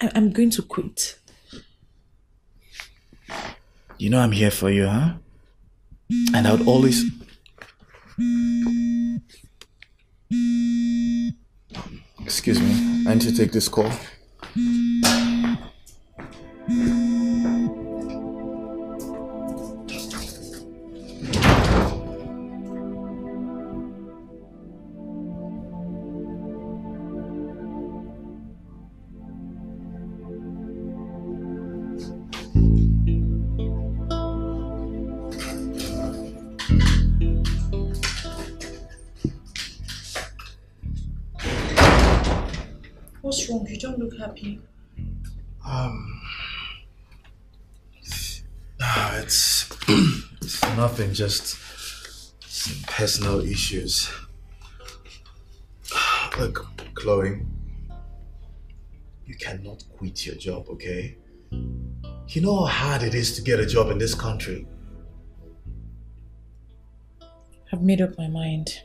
I am going to quit. You know I'm here for you, huh? And I would always... Excuse me, I need to take this call. lucky? Um, nah, it's, it's nothing, just some personal issues. Look, Chloe, you cannot quit your job, okay? You know how hard it is to get a job in this country. I've made up my mind.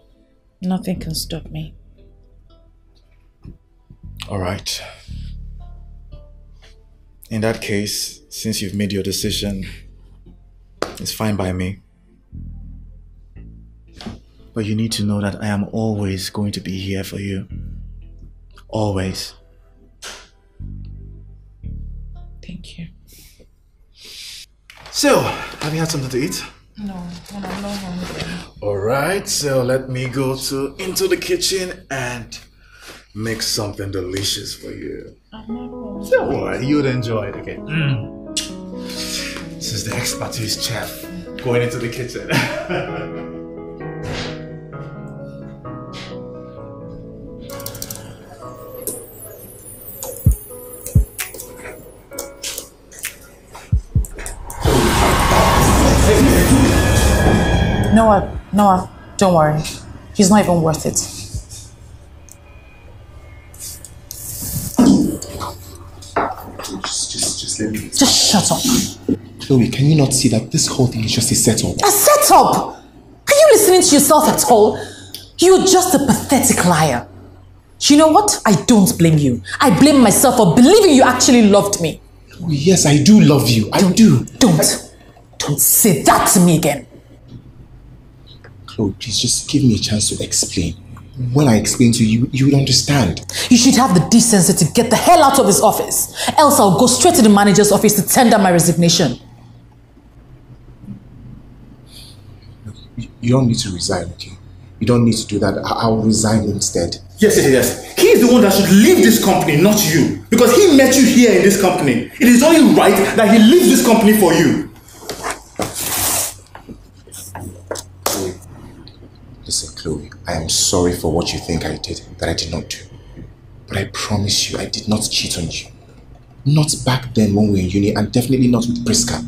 Nothing can stop me. All right. In that case, since you've made your decision, it's fine by me. But you need to know that I am always going to be here for you. Always. Thank you. So, have you had something to eat? No, I'm not hungry. All right, so let me go to into the kitchen and make something delicious for you. So what? You'd enjoy it. Okay. Mm. This is the expertise chef going into the kitchen. Noah, Noah, don't worry. He's not even worth it. Just shut up. Chloe, can you not see that this whole thing is just a setup? A setup? Are you listening to yourself at all? You're just a pathetic liar. you know what? I don't blame you. I blame myself for believing you actually loved me. yes, I do love you. I don't, do. Don't. I... Don't say that to me again. Chloe, please just give me a chance to explain when I explain to you, you would understand. You should have the decency to get the hell out of his office, else I'll go straight to the manager's office to tender my resignation. You don't need to resign, okay? You don't need to do that. I'll resign instead. Yes, yes, yes. He's the one that should leave this company, not you. Because he met you here in this company. It is only right that he leaves this company for you. Chloe, I am sorry for what you think I did that I did not do. But I promise you, I did not cheat on you. Not back then when we were in uni, and definitely not with Priska.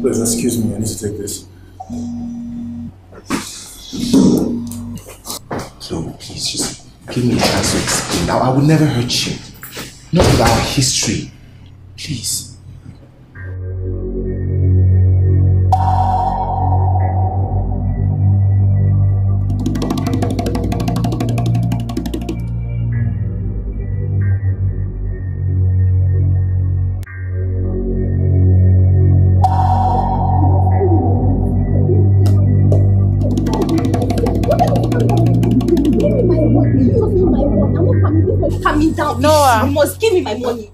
Please excuse me, I need to take this. Chloe, please just give me a chance to explain. Now, I will never hurt you. Not with our history. Please. my money.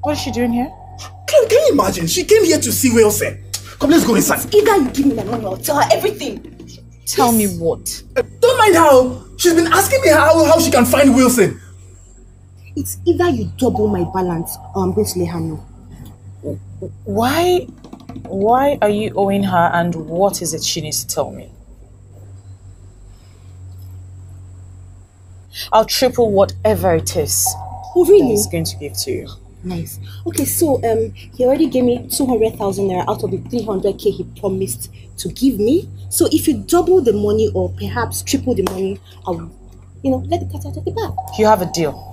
What is she doing here? Can, can you imagine? She came here to see Wilson. Come, let's go inside. It's either you give me my money or tell her everything. Tell me what? Eh, don't mind how. Oh. She's been asking me how, how she can find Wilson. It's either you double my balance or I'm going to lay her know. Why? Why are you owing her and what is it she needs to tell me? I'll triple whatever it is. Oh, really? He's going to give to you. Nice. Okay, so um, he already gave me two hundred thousand naira out of the three hundred k he promised to give me. So if you double the money or perhaps triple the money, I'll, you know, let the cat out of the bag. You have a deal.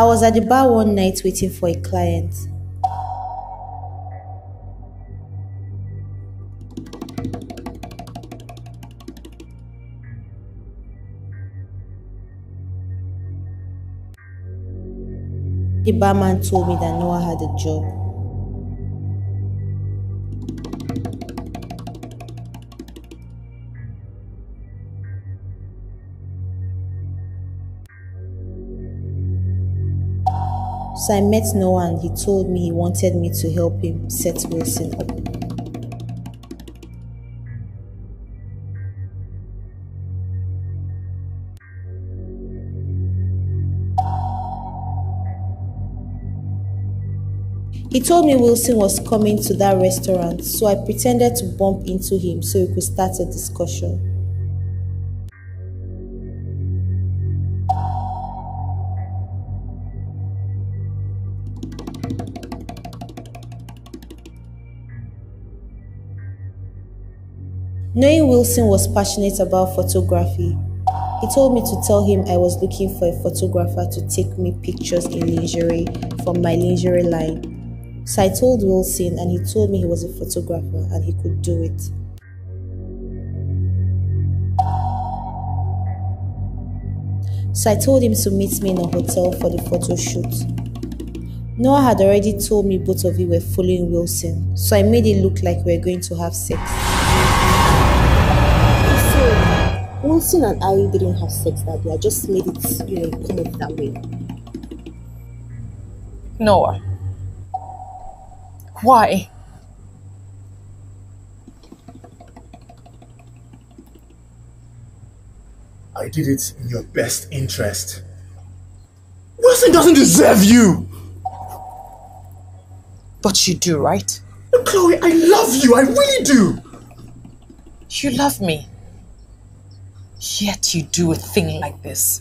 I was at the bar one night waiting for a client. The barman told me that Noah had a job. I met Noah and he told me he wanted me to help him set Wilson up. He told me Wilson was coming to that restaurant, so I pretended to bump into him so we could start a discussion. Knowing Wilson was passionate about photography, he told me to tell him I was looking for a photographer to take me pictures in lingerie from my lingerie line. So I told Wilson and he told me he was a photographer and he could do it. So I told him to meet me in a hotel for the photo shoot. Noah had already told me both of you were following Wilson, so I made it look like we were going to have sex. Samson and I didn't have sex that day. I just made it, you know, come up that way. Noah. Why? I did it in your best interest. Wilson doesn't deserve you! But you do, right? Chloe, I love you. I really do. You love me. Yet you do a thing like this.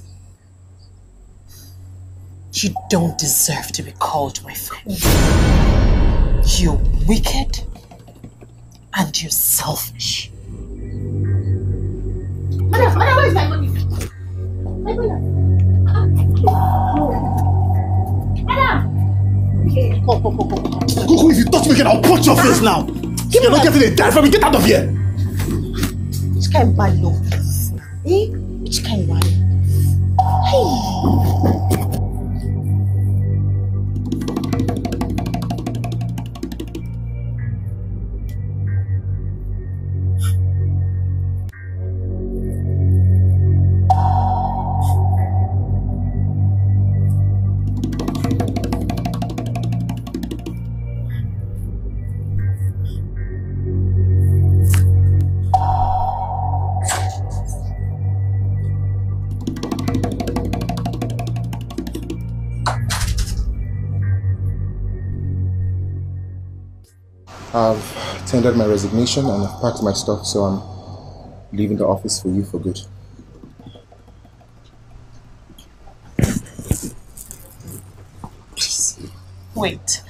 You don't deserve to be called my friend. You're wicked and you're selfish. Madam, madam, where is my money? My money. Madam! Oh, Kuku, if you touch me again, I'll punch your face ah! now. You're not getting a dime from me. Get out of here. This guy, my love. think, which can worry. tendered my resignation and I've packed my stuff, so I'm leaving the office for you for good. Please, wait.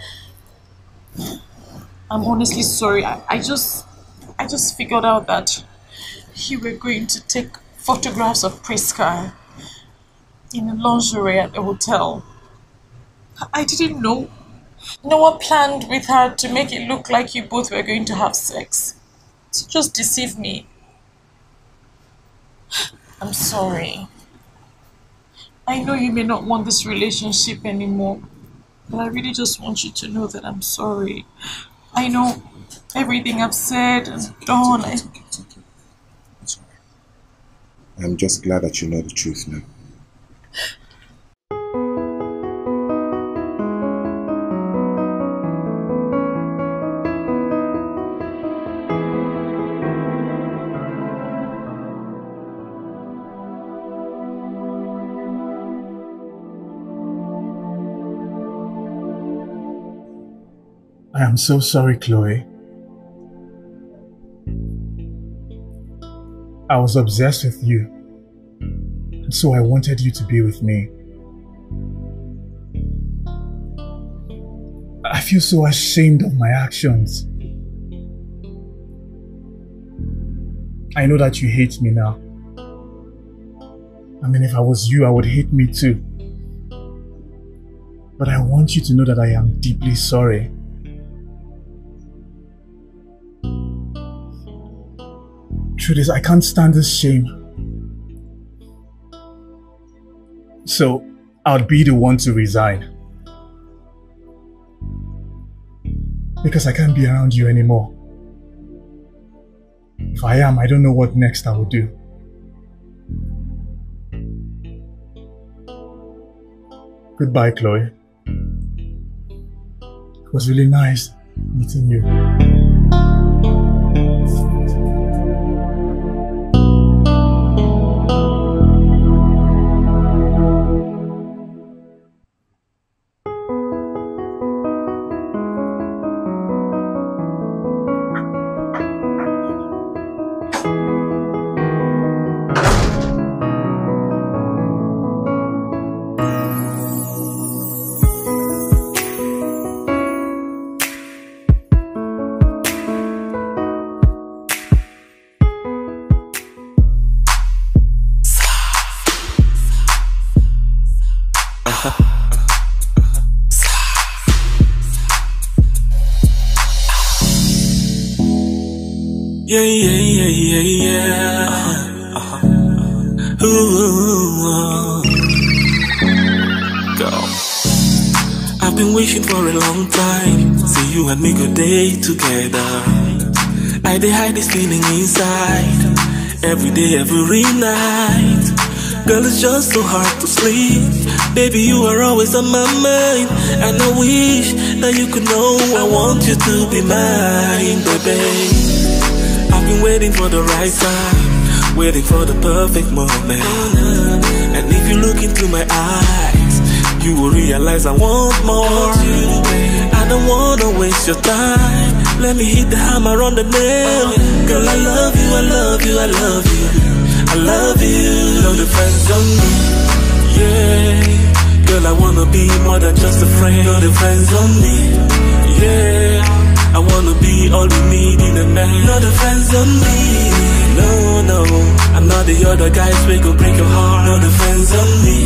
I'm honestly sorry. I, I just, I just figured out that you were going to take photographs of Priska in lingerie at the hotel. I didn't know Noah planned with her to make it look like you both were going to have sex. So just deceive me. I'm sorry. I know you may not want this relationship anymore, but I really just want you to know that I'm sorry. I know everything I've said and done. I... I'm just glad that you know the truth now. so sorry, Chloe. I was obsessed with you, and so I wanted you to be with me. I feel so ashamed of my actions. I know that you hate me now. I mean, if I was you, I would hate me too. But I want you to know that I am deeply sorry. through this. I can't stand this shame. So I'd be the one to resign. Because I can't be around you anymore. If I am, I don't know what next I will do. Goodbye, Chloe. It was really nice meeting you. You are always on my mind, and I wish that you could know I want you to be mine, baby. I've been waiting for the right time, waiting for the perfect moment. And if you look into my eyes, you will realize I want more. I don't wanna waste your time. Let me hit the hammer on the nail. Girl, I love you, I love you, I love you. I love you. No defense on me. Yeah. Girl, I wanna be more than just a friend Girl, the friends only Yeah I wanna be all we need in a man No, the friends only No, no I'm not the other guys we go break your heart No, the friends only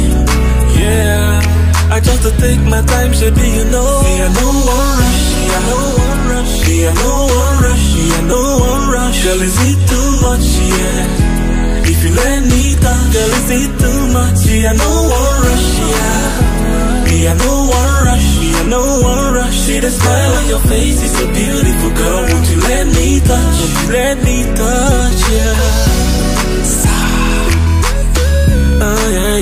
Yeah I just to take my time, should be you know Me, I know one rush Me, I know one rush Me, I know one rush Me, I know one rush Girl, is it too much, yeah Lenita, girl is it too much? She a no one rush, yeah. Me a no one rush, me a no one rush. See the smile on your face is a beautiful, girl. Won't you let me touch? Won't you let me touch? Yeah. Oh Yeah.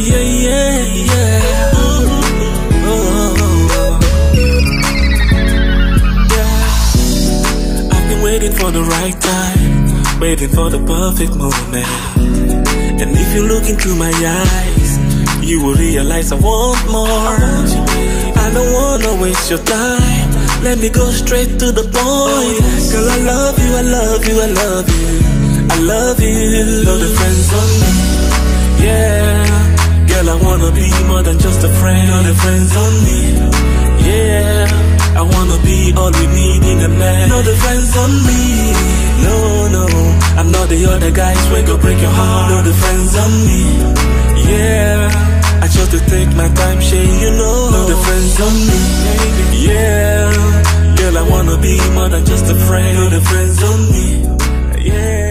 yeah, yeah, yeah, yeah. for the right time Waiting for the perfect moment And if you look into my eyes You will realize I want more I don't wanna waste your time Let me go straight to the point Girl, I love you, I love you, I love you I love you Know the friends on me, yeah Girl, I wanna be more than just a friend Know the friends on me, yeah I wanna be all you need in a man No defense on me No, no I'm not the other guys wake up break your heart No defense on me Yeah I chose to take my time Shit, you know No defense on me Yeah Girl, I wanna be more than just a friend No defense on me Yeah